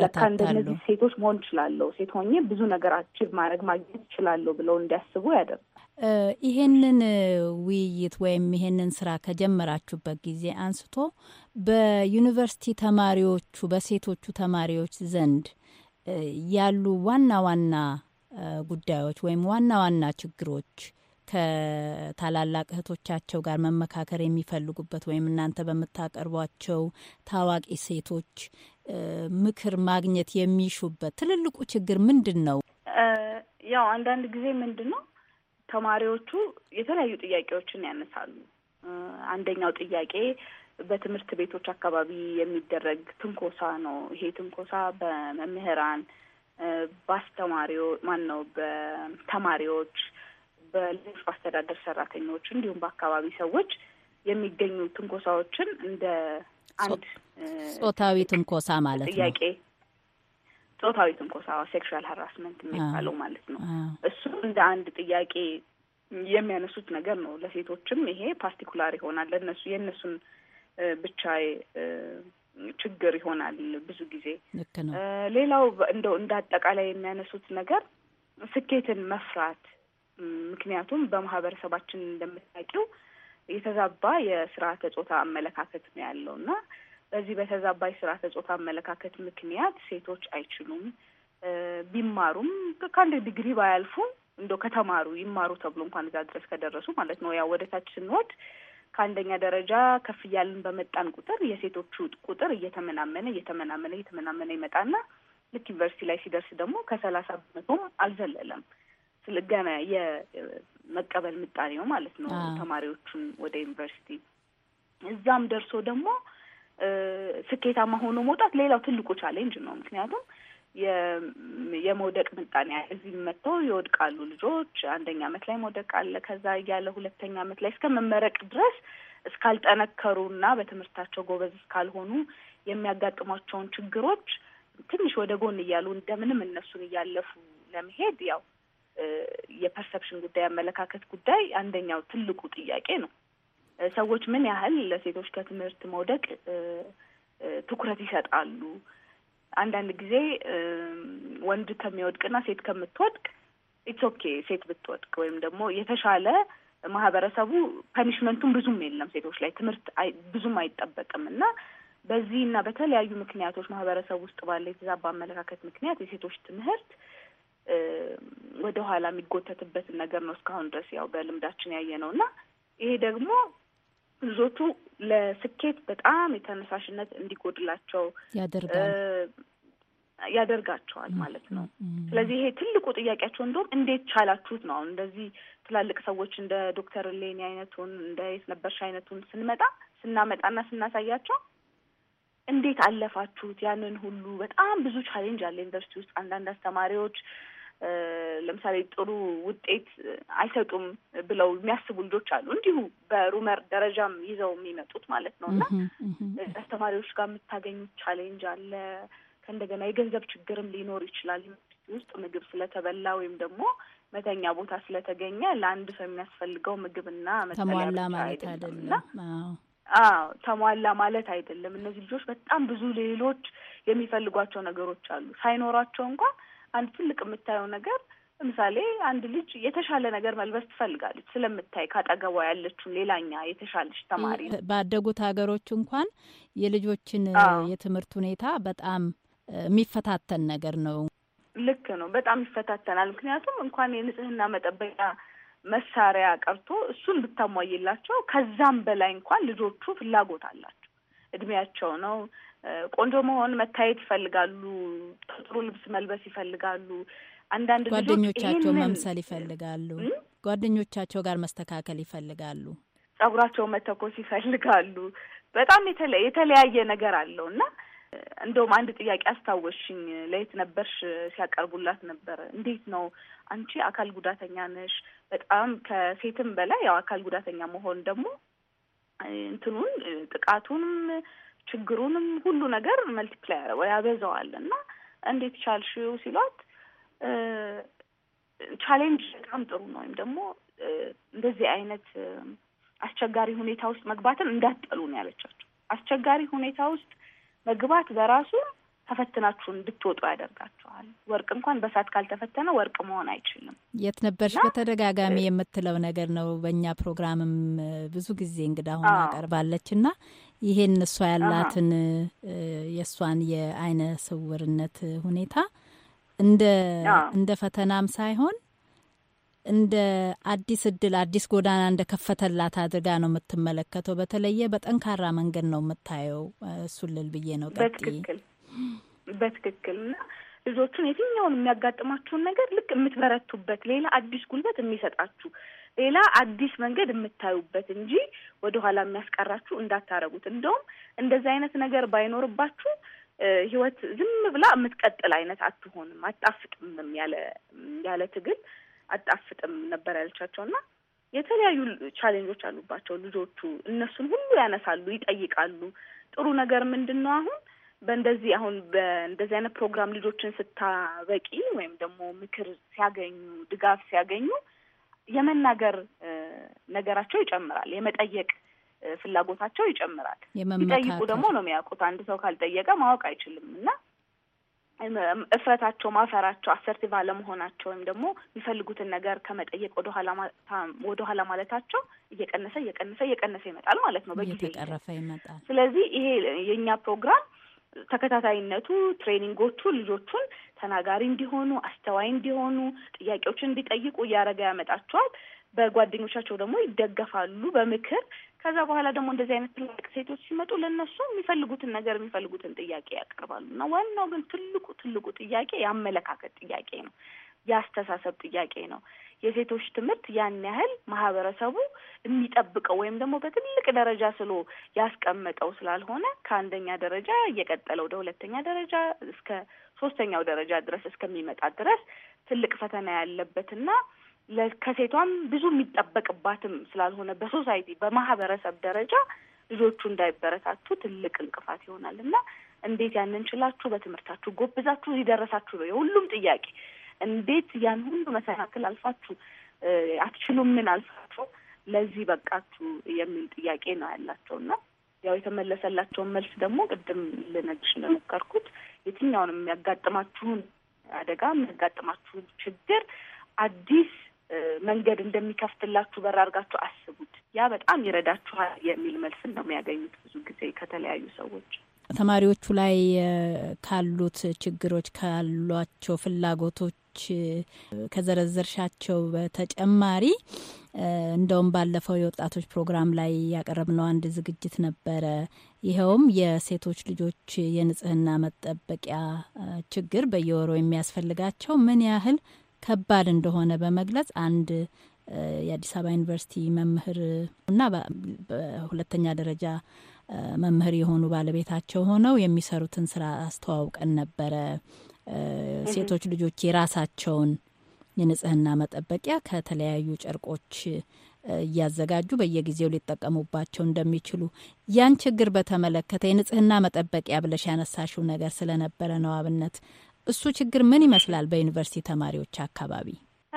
ለካ እንደነዚህ ሴቶች መሆን እችላለሁ፣ ሴት ሆኜ ብዙ ነገር አችል ማድረግ ማግኘት እችላለሁ ብለው እንዲያስቡ ያደር ይሄንን ውይይት ወይም ይሄንን ስራ ከጀመራችሁበት ጊዜ አንስቶ በዩኒቨርሲቲ ተማሪዎቹ በሴቶቹ ተማሪዎች ዘንድ ያሉ ዋና ዋና ጉዳዮች ወይም ዋና ዋና ችግሮች ከታላላቅ እህቶቻቸው ጋር መመካከር የሚፈልጉበት ወይም እናንተ በምታቀርቧቸው ታዋቂ ሴቶች ምክር ማግኘት የሚሹበት ትልልቁ ችግር ምንድን ነው? ያው አንዳንድ ጊዜ ምንድን ነው ተማሪዎቹ የተለያዩ ጥያቄዎችን ያነሳሉ። አንደኛው ጥያቄ በትምህርት ቤቶች አካባቢ የሚደረግ ትንኮሳ ነው። ይሄ ትንኮሳ በመምህራን፣ በአስተማሪዎች ማን ነው በተማሪዎች በልጆች በአስተዳደር ሰራተኞች እንዲሁም በአካባቢ ሰዎች የሚገኙ ትንኮሳዎችን እንደ አንድ ጾታዊ ትንኮሳ ማለት ነው ጥያቄ ጾታዊ ትንኮሳ ሴክሹዋል ሀራስመንት የሚባለው ማለት ነው። እሱ እንደ አንድ ጥያቄ የሚያነሱት ነገር ነው። ለሴቶችም ይሄ ፓርቲኩላር ይሆናል። ለእነሱ የእነሱን ብቻ ችግር ይሆናል ብዙ ጊዜ። ሌላው እንደው እንደ አጠቃላይ የሚያነሱት ነገር ስኬትን መፍራት ምክንያቱም በማህበረሰባችን እንደምታውቂው የተዛባ የስርዓተ ጾታ አመለካከት ነው ያለው እና በዚህ በተዛባ የስርዓተ ጾታ አመለካከት ምክንያት ሴቶች አይችሉም ቢማሩም ከአንድ ዲግሪ ባያልፉም እንደ ከተማሩ ይማሩ ተብሎ እንኳን እዛ ድረስ ከደረሱ ማለት ነው። ያው ወደ ታች ስንወድ ከአንደኛ ደረጃ ከፍ እያልን በመጣን ቁጥር የሴቶቹ ቁጥር እየተመናመነ እየተመናመነ እየተመናመነ ይመጣና ልክ ዩኒቨርሲቲ ላይ ሲደርስ ደግሞ ከሰላሳ በመቶም አልዘለለም። ስለ ገና የመቀበል ምጣኔው ማለት ነው ተማሪዎቹን ወደ ዩኒቨርሲቲ እዛም ደርሶ ደግሞ ስኬታማ ሆኖ መውጣት ሌላው ትልቁ ቻሌንጅ ነው። ምክንያቱም የመውደቅ ምጣኔ እዚህ መጥተው ይወድቃሉ ልጆች። አንደኛ አመት ላይ መውደቅ አለ። ከዛ እያለ ሁለተኛ አመት ላይ እስከ መመረቅ ድረስ እስካልጠነከሩና በትምህርታቸው ጎበዝ እስካልሆኑ የሚያጋጥሟቸውን ችግሮች ትንሽ ወደ ጎን እያሉ እንደምንም እነሱን እያለፉ ለመሄድ ያው የፐርሰፕሽን ጉዳይ አመለካከት ጉዳይ አንደኛው ትልቁ ጥያቄ ነው። ሰዎች ምን ያህል ለሴቶች ከትምህርት መውደቅ ትኩረት ይሰጣሉ? አንዳንድ ጊዜ ወንድ ከሚወድቅና ሴት ከምትወድቅ ኢትስ ኦኬ ሴት ብትወድቅ ወይም ደግሞ የተሻለ ማህበረሰቡ ፐኒሽመንቱን ብዙም የለም ሴቶች ላይ ትምህርት ብዙም አይጠበቅም እና በዚህ እና በተለያዩ ምክንያቶች ማህበረሰብ ውስጥ ባለ የተዛባ አመለካከት ምክንያት የሴቶች ትምህርት ወደ ኋላ የሚጎተትበትን ነገር ነው እስካሁን ድረስ ያው በልምዳችን ያየ ነው እና ይሄ ደግሞ ልጆቹ ለስኬት በጣም የተነሳሽነት እንዲጎድላቸው ያደርጋቸዋል ማለት ነው። ስለዚህ ይሄ ትልቁ ጥያቄያቸው እንደውም እንዴት ቻላችሁት ነው። አሁን እንደዚህ ትላልቅ ሰዎች እንደ ዶክተር ሌኒ አይነቱን እንደ የት ነበርሽ አይነቱን ስንመጣ ስናመጣና ስናሳያቸው እንዴት አለፋችሁት ያንን ሁሉ በጣም ብዙ ቻሌንጅ አለ ዩኒቨርሲቲ ውስጥ አንዳንድ አስተማሪዎች ለምሳሌ ጥሩ ውጤት አይሰጡም ብለው የሚያስቡ ልጆች አሉ። እንዲሁ በሩመር ደረጃም ይዘው የሚመጡት ማለት ነው እና አስተማሪዎች ጋር የምታገኙት ቻሌንጅ አለ። ከእንደገና የገንዘብ ችግርም ሊኖር ይችላል። ውስጥ ምግብ ስለተበላ ወይም ደግሞ መተኛ ቦታ ስለተገኘ ለአንድ ሰው የሚያስፈልገው ምግብና ተሟላ ማለት አይደለም። ተሟላ ማለት አይደለም። እነዚህ ልጆች በጣም ብዙ ሌሎች የሚፈልጓቸው ነገሮች አሉ። ሳይኖራቸው እንኳን አንድ ትልቅ የምታየው ነገር ለምሳሌ አንድ ልጅ የተሻለ ነገር መልበስ ትፈልጋለች ስለምታይ ካጠገቧ ያለችውን ሌላኛ የተሻለች ተማሪ። ባደጉት ሀገሮች እንኳን የልጆችን የትምህርት ሁኔታ በጣም የሚፈታተን ነገር ነው። ልክ ነው። በጣም ይፈታተናል። ምክንያቱም እንኳን የንጽህና መጠበቂያ መሳሪያ ቀርቶ እሱን ብታሟየላቸው ከዛም በላይ እንኳን ልጆቹ ፍላጎት አላቸው። እድሜያቸው ነው፣ ቆንጆ መሆን መታየት ይፈልጋሉ። ጥሩ ልብስ መልበስ ይፈልጋሉ። አንዳንድ ጓደኞቻቸው መምሰል ይፈልጋሉ። ጓደኞቻቸው ጋር መስተካከል ይፈልጋሉ። ጸጉራቸው መተኮስ ይፈልጋሉ። በጣም የተለያየ ነገር አለው እና እንደውም አንድ ጥያቄ አስታወስሽኝ። ለየት ነበርሽ ሲያቀርቡላት ነበር። እንዴት ነው አንቺ አካል ጉዳተኛ ነሽ? በጣም ከሴትም በላይ ያው አካል ጉዳተኛ መሆን ደግሞ እንትኑን ጥቃቱንም ችግሩንም ሁሉ ነገር መልቲፕላይ ያበዛዋል እና እንዴት ቻልሽው ሲሏት ቻሌንጅ በጣም ጥሩ ነው ወይም ደግሞ እንደዚህ አይነት አስቸጋሪ ሁኔታ ውስጥ መግባትን እንዳትጠሉ ነው ያለቻቸው። አስቸጋሪ ሁኔታ ውስጥ መግባት በራሱ ተፈትናችሁ እንድትወጡ ያደርጋችኋል። ወርቅ እንኳን በሳት ካልተፈተነ ወርቅ መሆን አይችልም። የት ነበርሽ በተደጋጋሚ የምትለው ነገር ነው። በእኛ ፕሮግራምም ብዙ ጊዜ እንግዳ ሆና ቀርባለች እና ይሄን እሷ ያላትን የእሷን የአይነ ስውርነት ሁኔታ እንደ እንደ ፈተናም ሳይሆን እንደ አዲስ እድል አዲስ ጎዳና እንደ ከፈተላት አድርጋ ነው የምትመለከተው። በተለየ በጠንካራ መንገድ ነው የምታየው። እሱን ልል ብዬ ነው። ቀጥይ። በትክክል በትክክል እና ልጆቹን የትኛውን የሚያጋጥማችሁን ነገር ልክ የምትበረቱበት ሌላ አዲስ ጉልበት የሚሰጣችሁ ሌላ አዲስ መንገድ የምታዩበት እንጂ ወደ ኋላ የሚያስቀራችሁ እንዳታረጉት። እንደውም እንደዚህ አይነት ነገር ባይኖርባችሁ ህይወት ዝም ብላ የምትቀጥል አይነት አትሆንም፣ አጣፍጥምም፣ ያለ ያለ ትግል አጣፍጥም ነበር ያለቻቸው እና የተለያዩ ቻሌንጆች አሉባቸው ልጆቹ። እነሱን ሁሉ ያነሳሉ፣ ይጠይቃሉ። ጥሩ ነገር ምንድን ነው አሁን በእንደዚህ አሁን በእንደዚህ አይነት ፕሮግራም ልጆችን ስታበቂ ወይም ደግሞ ምክር ሲያገኙ ድጋፍ ሲያገኙ የመናገር ነገራቸው ይጨምራል። የመጠየቅ ፍላጎታቸው ይጨምራል። ይጠይቁ ደግሞ ነው የሚያውቁት። አንድ ሰው ካልጠየቀ ማወቅ አይችልም እና እፍረታቸው፣ ማፈራቸው፣ አሰርቲቭ አለመሆናቸው ወይም ደግሞ የሚፈልጉትን ነገር ከመጠየቅ ወደኋላ ማለታቸው እየቀነሰ እየቀነሰ እየቀነሰ ይመጣል ማለት ነው። በጊዜ እየተቀረፈ ይመጣል። ስለዚህ ይሄ የእኛ ፕሮግራም ተከታታይነቱ ትሬኒንጎቹ ልጆቹን ተናጋሪ እንዲሆኑ፣ አስተዋይ እንዲሆኑ፣ ጥያቄዎችን እንዲጠይቁ እያደረገ ያመጣቸዋል። በጓደኞቻቸው ደግሞ ይደገፋሉ በምክር ከዛ በኋላ ደግሞ እንደዚህ አይነት ትልቅ ሴቶች ሲመጡ ለነሱ የሚፈልጉትን ነገር የሚፈልጉትን ጥያቄ ያቀርባሉ እና ዋናው ግን ትልቁ ትልቁ ጥያቄ የአመለካከት ጥያቄ ነው። የአስተሳሰብ ጥያቄ ነው። የሴቶች ትምህርት ያን ያህል ማህበረሰቡ የሚጠብቀው ወይም ደግሞ በትልቅ ደረጃ ስሎ ያስቀመጠው ስላልሆነ ከአንደኛ ደረጃ እየቀጠለ ወደ ሁለተኛ ደረጃ እስከ ሶስተኛው ደረጃ ድረስ እስከሚመጣ ድረስ ትልቅ ፈተና ያለበትና ከሴቷም ብዙ የሚጠበቅባትም ስላልሆነ በሶሳይቲ በማህበረሰብ ደረጃ ልጆቹ እንዳይበረታቱ ትልቅ እንቅፋት ይሆናል እና እንዴት ያንን ችላችሁ በትምህርታችሁ ጎብዛችሁ እዚህ ደረሳችሁ ነው የሁሉም ጥያቄ። እንዴት ያን ሁሉ መሰናክል አልፋችሁ አትችሉም ምን አልፋችሁ ለዚህ በቃችሁ የሚል ጥያቄ ነው ያላቸው እና ያው የተመለሰላቸውን መልስ ደግሞ ቅድም ልነግርሽ እንደሞከርኩት የትኛውንም የሚያጋጥማችሁን አደጋ የሚያጋጥማችሁን ችግር አዲስ መንገድ እንደሚከፍትላችሁ በር አድርጋችሁ አስቡት፣ ያ በጣም ይረዳችኋል የሚል መልስን ነው የሚያገኙት ብዙ ጊዜ ከተለያዩ ሰዎች። ተማሪዎቹ ላይ ካሉት ችግሮች ካሏቸው ፍላጎቶች ከዘረዘርሻቸው በተጨማሪ እንደውም ባለፈው የወጣቶች ፕሮግራም ላይ ያቀረብነው አንድ ዝግጅት ነበረ። ይኸውም የሴቶች ልጆች የንጽህና መጠበቂያ ችግር በየወሩ የሚያስፈልጋቸው ምን ያህል ከባድ እንደሆነ በመግለጽ አንድ የአዲስ አበባ ዩኒቨርሲቲ መምህር እና በሁለተኛ ደረጃ መምህር የሆኑ ባለቤታቸው ሆነው የሚሰሩትን ስራ አስተዋውቀን ነበረ። ሴቶች ልጆች የራሳቸውን የንጽህና መጠበቂያ ከተለያዩ ጨርቆች እያዘጋጁ በየጊዜው ሊጠቀሙባቸው እንደሚችሉ ያን ችግር በተመለከተ የንጽህና መጠበቂያ ብለሽ ያነሳሽው ነገር ስለነበረ ነው አብነት እሱ ችግር ምን ይመስላል በዩኒቨርሲቲ ተማሪዎች አካባቢ?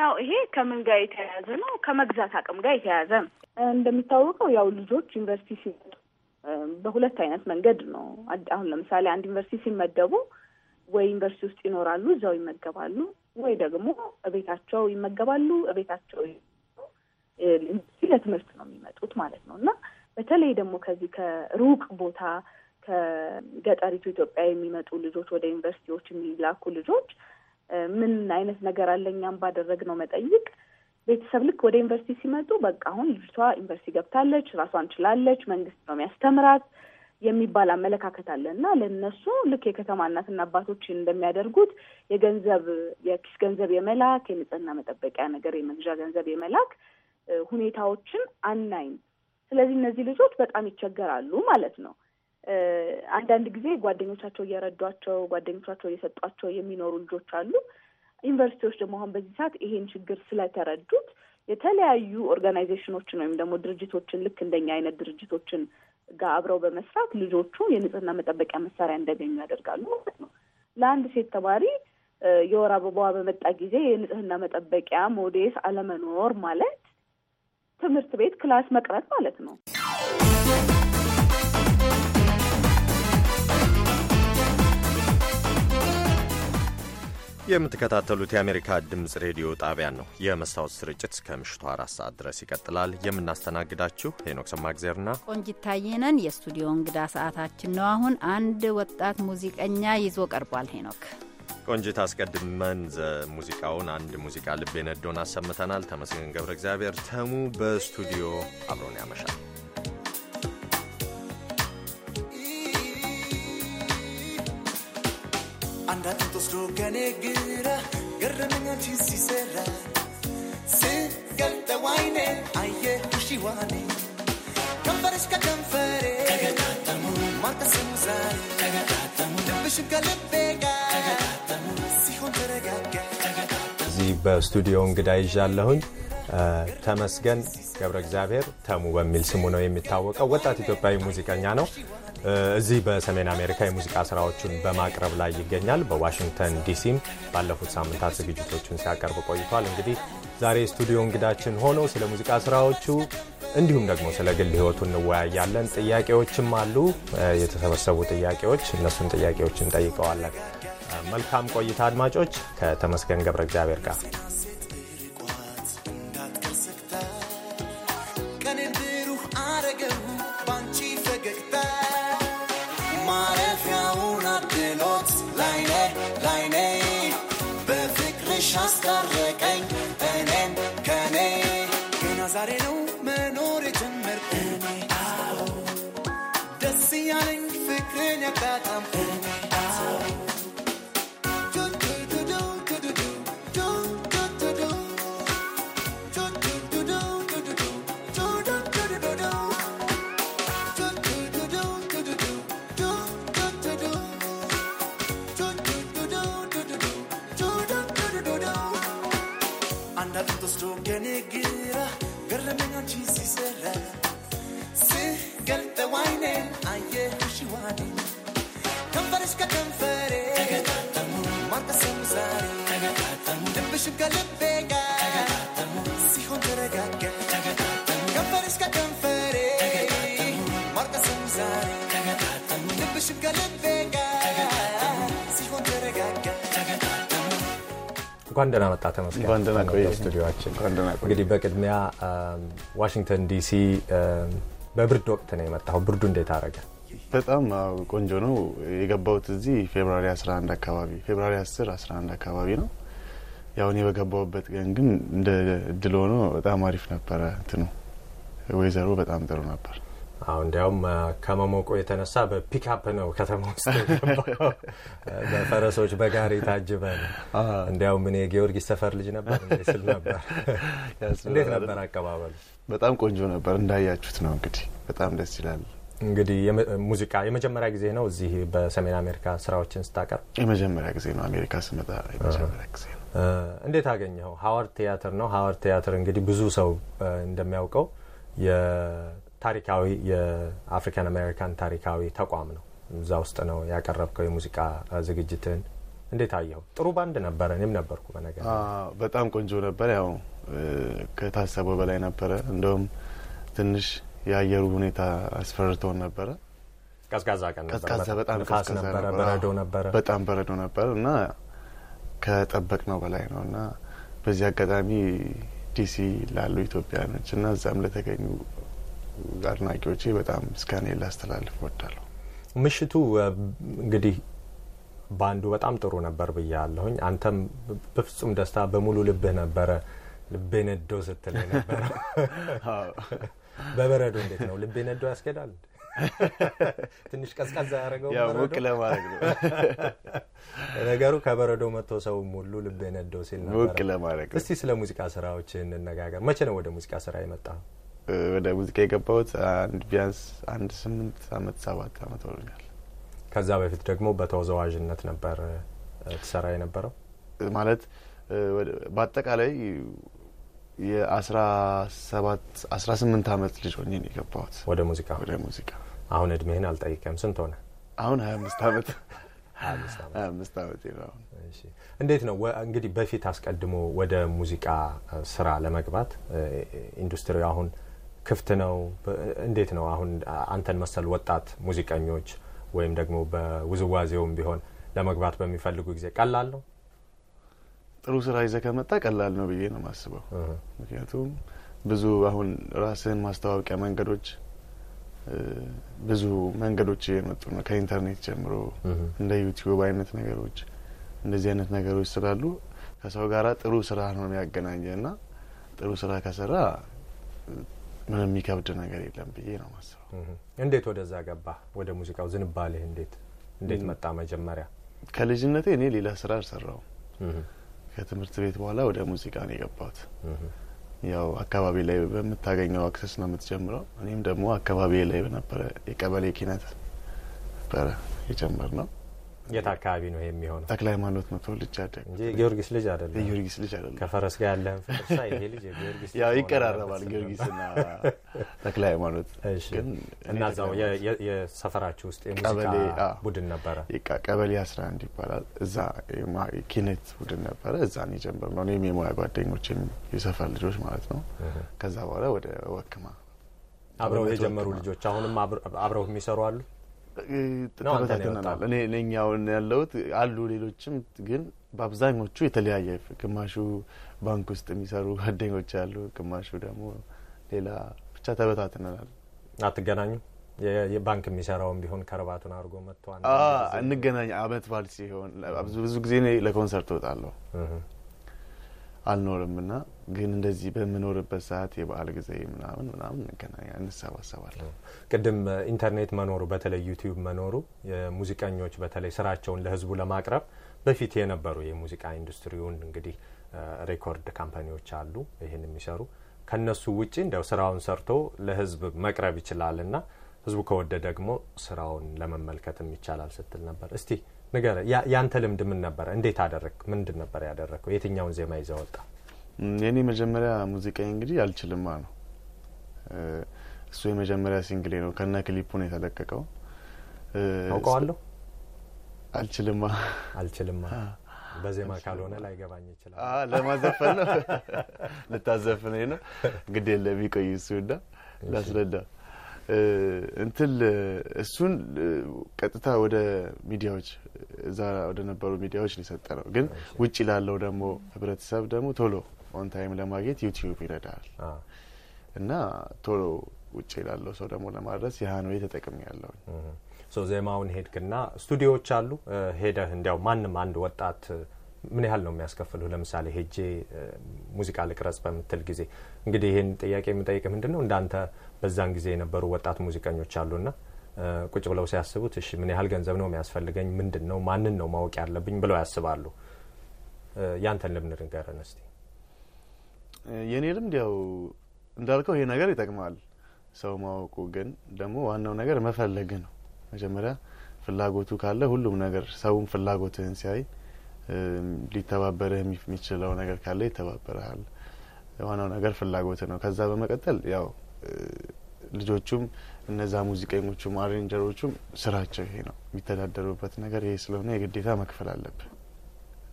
ያው ይሄ ከምን ጋር የተያያዘ ነው? ከመግዛት አቅም ጋር የተያያዘ ነው። እንደሚታወቀው ያው ልጆች ዩኒቨርሲቲ ሲመጡ በሁለት አይነት መንገድ ነው። አሁን ለምሳሌ አንድ ዩኒቨርሲቲ ሲመደቡ ወይ ዩኒቨርሲቲ ውስጥ ይኖራሉ፣ እዛው ይመገባሉ፣ ወይ ደግሞ እቤታቸው ይመገባሉ። እቤታቸው ለትምህርት ነው የሚመጡት ማለት ነው እና በተለይ ደግሞ ከዚህ ከሩቅ ቦታ ከገጠሪቱ ኢትዮጵያ የሚመጡ ልጆች ወደ ዩኒቨርሲቲዎች የሚላኩ ልጆች ምን አይነት ነገር አለ እኛም ነው መጠይቅ ቤተሰብ ልክ ወደ ዩኒቨርሲቲ ሲመጡ በቃ አሁን ልጅቷ ዩኒቨርሲቲ ገብታለች፣ ራሷን ችላለች፣ መንግስት ነው የሚያስተምራት የሚባል አመለካከት አለ እና ለእነሱ ልክ የከተማ እናትና አባቶች እንደሚያደርጉት የገንዘብ የኪስ ገንዘብ የመላክ የንጽህና መጠበቂያ ነገር የመግዣ ገንዘብ የመላክ ሁኔታዎችን አናይም። ስለዚህ እነዚህ ልጆች በጣም ይቸገራሉ ማለት ነው። አንዳንድ ጊዜ ጓደኞቻቸው እየረዷቸው ጓደኞቻቸው እየሰጧቸው የሚኖሩ ልጆች አሉ። ዩኒቨርሲቲዎች ደግሞ አሁን በዚህ ሰዓት ይሄን ችግር ስለተረዱት የተለያዩ ኦርጋናይዜሽኖችን ወይም ደግሞ ድርጅቶችን ልክ እንደኛ አይነት ድርጅቶችን ጋር አብረው በመስራት ልጆቹ የንጽህና መጠበቂያ መሳሪያ እንዲያገኙ ያደርጋሉ ማለት ነው። ለአንድ ሴት ተማሪ የወር አበባዋ በመጣ ጊዜ የንጽህና መጠበቂያ ሞዴስ አለመኖር ማለት ትምህርት ቤት ክላስ መቅረት ማለት ነው። የምትከታተሉት የአሜሪካ ድምፅ ሬዲዮ ጣቢያን ነው። የመስታወት ስርጭት ከምሽቱ አራት ሰዓት ድረስ ይቀጥላል። የምናስተናግዳችሁ ሄኖክ ሰማግዜርና ቆንጂት ታየ የስቱዲዮ እንግዳ ሰዓታችን ነው። አሁን አንድ ወጣት ሙዚቀኛ ይዞ ቀርቧል። ሄኖክ ቆንጂት፣ አስቀድመን ሙዚቃውን አንድ ሙዚቃ ልቤ ነዶን አሰምተናል። ተመስገን ገብረ እግዚአብሔር ተሙ በስቱዲዮ አብሮን ያመሻል። አንዳንድ ወስዶ ከኔ ግራ ገረመኝ አንቺን ሲሰራ እዚህ በስቱዲዮ እንግዳ ይዣለሁኝ። ተመስገን ገብረ እግዚአብሔር ተሙ በሚል ስሙ ነው የሚታወቀው። ወጣት ኢትዮጵያዊ ሙዚቀኛ ነው። እዚህ በሰሜን አሜሪካ የሙዚቃ ስራዎችን በማቅረብ ላይ ይገኛል። በዋሽንግተን ዲሲም ባለፉት ሳምንታት ዝግጅቶችን ሲያቀርብ ቆይቷል። እንግዲህ ዛሬ ስቱዲዮ እንግዳችን ሆኖ ስለ ሙዚቃ ስራዎቹ እንዲሁም ደግሞ ስለ ግል ህይወቱ እንወያያለን። ጥያቄዎችም አሉ፣ የተሰበሰቡ ጥያቄዎች፣ እነሱን ጥያቄዎች እንጠይቀዋለን። መልካም ቆይታ አድማጮች፣ ከተመስገን ገብረ እግዚአብሔር ጋር ላይ ነኝ በፍቅርሽ አስታረቀኝ እኔን ከኔ ገና ዛሬ ነው መኖር የጀመር እኔ ደስ እያለኝ ፍቅርን ያጋጣም እንኳን ደህና መጣ ስቱዲዮችን እንግዲህ በቅድሚያ ዋሽንግተን ዲሲ በብርድ ወቅት ነው የመጣው። ብርዱ እንዴት አደረገ? በጣም ቆንጆ ነው። የገባሁት እዚህ ፌብራሪ 11 አካባቢ ፌብራሪ 10 11 አካባቢ ነው። ያው እኔ በገባሁበት ቀን ግን እንደ እድል ሆኖ በጣም አሪፍ ነበረ። እንትኑ ወይዘሮ በጣም ጥሩ ነበር። አሁ እንዲያውም ከመሞቁ የተነሳ በፒክፕ ነው ከተማ ውስጥ በፈረሶች በጋሪ ታጅበ እንዲያውም እኔ የጊዮርጊስ ሰፈር ልጅ ነበር ስል ነበር። እንዴት ነበር አቀባበሉ? በጣም ቆንጆ ነበር። እንዳያችሁት ነው እንግዲህ በጣም ደስ ይላል። እንግዲህ ሙዚቃ የመጀመሪያ ጊዜ ነው እዚህ በሰሜን አሜሪካ ስራዎችን ስታቀርብ? የመጀመሪያ ጊዜ ነው አሜሪካ ስመጣ የመጀመሪያ ጊዜ ነው። እንዴት አገኘኸው? ሀዋርድ ቲያትር ነው። ሀዋርድ ቲያትር እንግዲህ ብዙ ሰው እንደሚያውቀው ታሪካዊ የአፍሪካን አሜሪካን ታሪካዊ ተቋም ነው። እዛ ውስጥ ነው ያቀረብከው የሙዚቃ ዝግጅትን እንዴት አየው? ጥሩ ባንድ ነበረ። እኔም ነበርኩ በነገር በጣም ቆንጆ ነበር። ያው ከታሰበው በላይ ነበረ። እንደውም ትንሽ የአየሩ ሁኔታ አስፈርቶን ነበረ። ቀዝቃዛ ቀን ቀዝቃዛ፣ በጣም ቀዝቃዛ በረዶ ነበረ፣ በጣም በረዶ ነበር እና ከጠበቅ ነው በላይ ነው እና በዚህ አጋጣሚ ዲሲ ላሉ ኢትዮጵያኖች እና እዛም ለተገኙ አድናቂዎቼ በጣም ምስጋና ላስተላልፍ እወዳለሁ። ምሽቱ እንግዲህ ባንዱ በጣም ጥሩ ነበር ብዬ አለሁኝ። አንተም በፍጹም ደስታ በሙሉ ልብህ ነበረ ልቤ ነዶ ስትል ነበረ። በበረዶ እንዴት ነው? ልቤ ነዶ ያስኬዳል። ትንሽ ቀዝቀዝ ያደረገው ለማድረግ ነው ነገሩ። ከበረዶ መጥቶ ሰው ሙሉ ልቤ ነዶ ሲል ነበር። ሙቅ ለማድረግ እስቲ ስለ ሙዚቃ ስራዎች እንነጋገር። መቼ ነው ወደ ሙዚቃ ስራ የመጣ? ወደ ሙዚቃ የገባሁት አንድ ቢያንስ አንድ ስምንት አመት ሰባት አመት ሆኖኛል። ከዛ በፊት ደግሞ በተወዛዋዥነት ነበር ትሰራ የነበረው ማለት በአጠቃላይ የአስራ ሰባት አስራ ስምንት አመት ልጅ ሆኜ ነው የገባሁት ወደ ሙዚቃ ወደ ሙዚቃ። አሁን እድሜህን አልጠይቀም፣ ስንት ሆነ? አሁን ሀያ አምስት አመት ሀያ አምስት አመት ነው። እንዴት ነው እንግዲህ በፊት አስቀድሞ ወደ ሙዚቃ ስራ ለመግባት ኢንዱስትሪ አሁን ክፍት ነው? እንዴት ነው አሁን አንተን መሰል ወጣት ሙዚቀኞች ወይም ደግሞ በውዝዋዜውም ቢሆን ለመግባት በሚፈልጉ ጊዜ ቀላል ነው? ጥሩ ስራ ይዘ ከመጣ ቀላል ነው ብዬ ነው የማስበው። ምክንያቱም ብዙ አሁን ራስህን ማስተዋወቂያ መንገዶች ብዙ መንገዶች እየመጡ ነው፣ ከኢንተርኔት ጀምሮ እንደ ዩቲዩብ አይነት ነገሮች እንደዚህ አይነት ነገሮች ስላሉ ከሰው ጋራ ጥሩ ስራ ነው የሚያገናኘ እና ጥሩ ስራ ከሰራ ምንም የሚከብድ ነገር የለም ብዬ ነው ማስበው። እንዴት ወደዛ ገባ? ወደ ሙዚቃው ዝንባልህ እንዴት እንዴት መጣ? መጀመሪያ ከልጅነቴ እኔ ሌላ ስራ አልሰራውም። ከትምህርት ቤት በኋላ ወደ ሙዚቃ ነው የገባሁት። ያው አካባቢ ላይ በምታገኘው አክሰስ ነው የምትጀምረው። እኔም ደግሞ አካባቢ ላይ በነበረ የቀበሌ ኪነት ነበረ የጀመር ነው የት አካባቢ ነው የሚሆነው? ተክለ ሃይማኖት ነው ተወልጄ ያደግኩት እንጂ ጊዮርጊስ ልጅ አይደለም። የጊዮርጊስ ልጅ አይደለም። ከፈረስ ጋር ያለህን ፍቅር ሳይ ይሄ ልጅ የጊዮርጊስ ያው ይቀራረባል። ጊዮርጊስና ተክለ ሃይማኖት ግን እና እዛው የሰፈራችሁ ውስጥ የሙዚቃ ቡድን ነበረ። ይቃ ቀበሌ አስራ አንድ ይባላል። እዛ ኪነት ቡድን ነበረ። እዛን የጀምር ነው የጀመርነው። እኔም የሙያ ጓደኞች የሰፈር ልጆች ማለት ነው። ከዛ በኋላ ወደ ወክማ አብረው የጀመሩ ልጆች አሁንም አብረው የሚሰሩ አሉ ተበታትነናል። እኛውን ያለሁት አሉ ሌሎችም ግን በአብዛኞቹ የተለያየ ግማሹ ባንክ ውስጥ የሚሰሩ ጓደኞች ያሉ፣ ግማሹ ደግሞ ሌላ ብቻ ተበታትነናል። አትገናኙ? የባንክ የሚሰራውን ቢሆን ከርባቱን አድርጎ መጥቷል። እንገናኝ አመት ባል ሲሆን ብዙ ጊዜ ለኮንሰርት ወጣለሁ። አልኖርምና ግን እንደዚህ በምኖርበት ሰዓት የበዓል ጊዜ ምናምን ምናምን እንገናኛ እንሰባሰባለን። ቅድም ኢንተርኔት መኖሩ በተለይ ዩቲዩብ መኖሩ የሙዚቀኞች በተለይ ስራቸውን ለህዝቡ ለማቅረብ በፊት የነበሩ የሙዚቃ ኢንዱስትሪውን እንግዲህ ሬኮርድ ካምፓኒዎች አሉ ይህን የሚሰሩ ከነሱ ውጪ እንደው ስራውን ሰርቶ ለህዝብ መቅረብ ና ህዝቡ ከወደ ደግሞ ስራውን ለመመልከትም ይቻላል ስትል ነበር። እስቲ ንገረ ያንተ ልምድ ምን ነበረ? እንዴት አደረግ? ምንድን ነበረ ያደረግከው? የትኛውን ዜማ ይዘ ወጣ? የኔ መጀመሪያ ሙዚቃ እንግዲህ አልችልማ ነው። እሱ የመጀመሪያ ሲንግሌ ነው ከነ ክሊፑ ነው የተለቀቀው። አውቀዋለሁ። አልችልማ አልችልማ በዜማ ካልሆነ ላይገባኝ ይችላል። ለማዘፈን ነው ልታዘፍነኝ ነው? ግድ የለም ይቆይ እሱ ዳ ላስረዳ እንትል እሱን ቀጥታ ወደ ሚዲያዎች እዛ ወደ ነበሩ ሚዲያዎች ሊሰጠ ነው። ግን ውጭ ላለው ደግሞ ህብረተሰብ ደግሞ ቶሎ ኦንታይም ታይም ለማግኘት ዩቲዩብ ይረዳል እና ቶሎ ውጭ ላለው ሰው ደግሞ ለማድረስ የሀኖዌ ተጠቅም ያለውን ዜማውን ሄድክና ስቱዲዮዎች አሉ ሄደህ እንዲያው ማንም አንድ ወጣት ምን ያህል ነው የሚያስከፍልሁ ለምሳሌ ሄጄ ሙዚቃ ልቅረጽ በምትል ጊዜ እንግዲህ ይህን ጥያቄ የምጠይቅ ምንድን ነው እንዳንተ በዛን ጊዜ የነበሩ ወጣት ሙዚቀኞች አሉና ቁጭ ብለው ሲያስቡት እሺ ምን ያህል ገንዘብ ነው የሚያስፈልገኝ? ምንድን ነው ማንን ነው ማወቅ ያለብኝ ብለው ያስባሉ። ያንተን ልምድ ንገረን እስቲ። የእኔ ልምድ ያው እንዳልከው ይሄ ነገር ይጠቅማል ሰው ማወቁ፣ ግን ደግሞ ዋናው ነገር መፈለግ ነው። መጀመሪያ ፍላጎቱ ካለ ሁሉም ነገር ሰውም ፍላጎትህን ሲያይ ሊተባበርህ የሚችለው ነገር ካለ ይተባበረሃል። ዋናው ነገር ፍላጎት ነው። ከዛ በመቀጠል ያው ልጆቹም እነዛ ሙዚቀኞቹም አሬንጀሮቹም ስራቸው ይሄ ነው። የሚተዳደሩበት ነገር ይሄ ስለሆነ የግዴታ መክፈል አለብ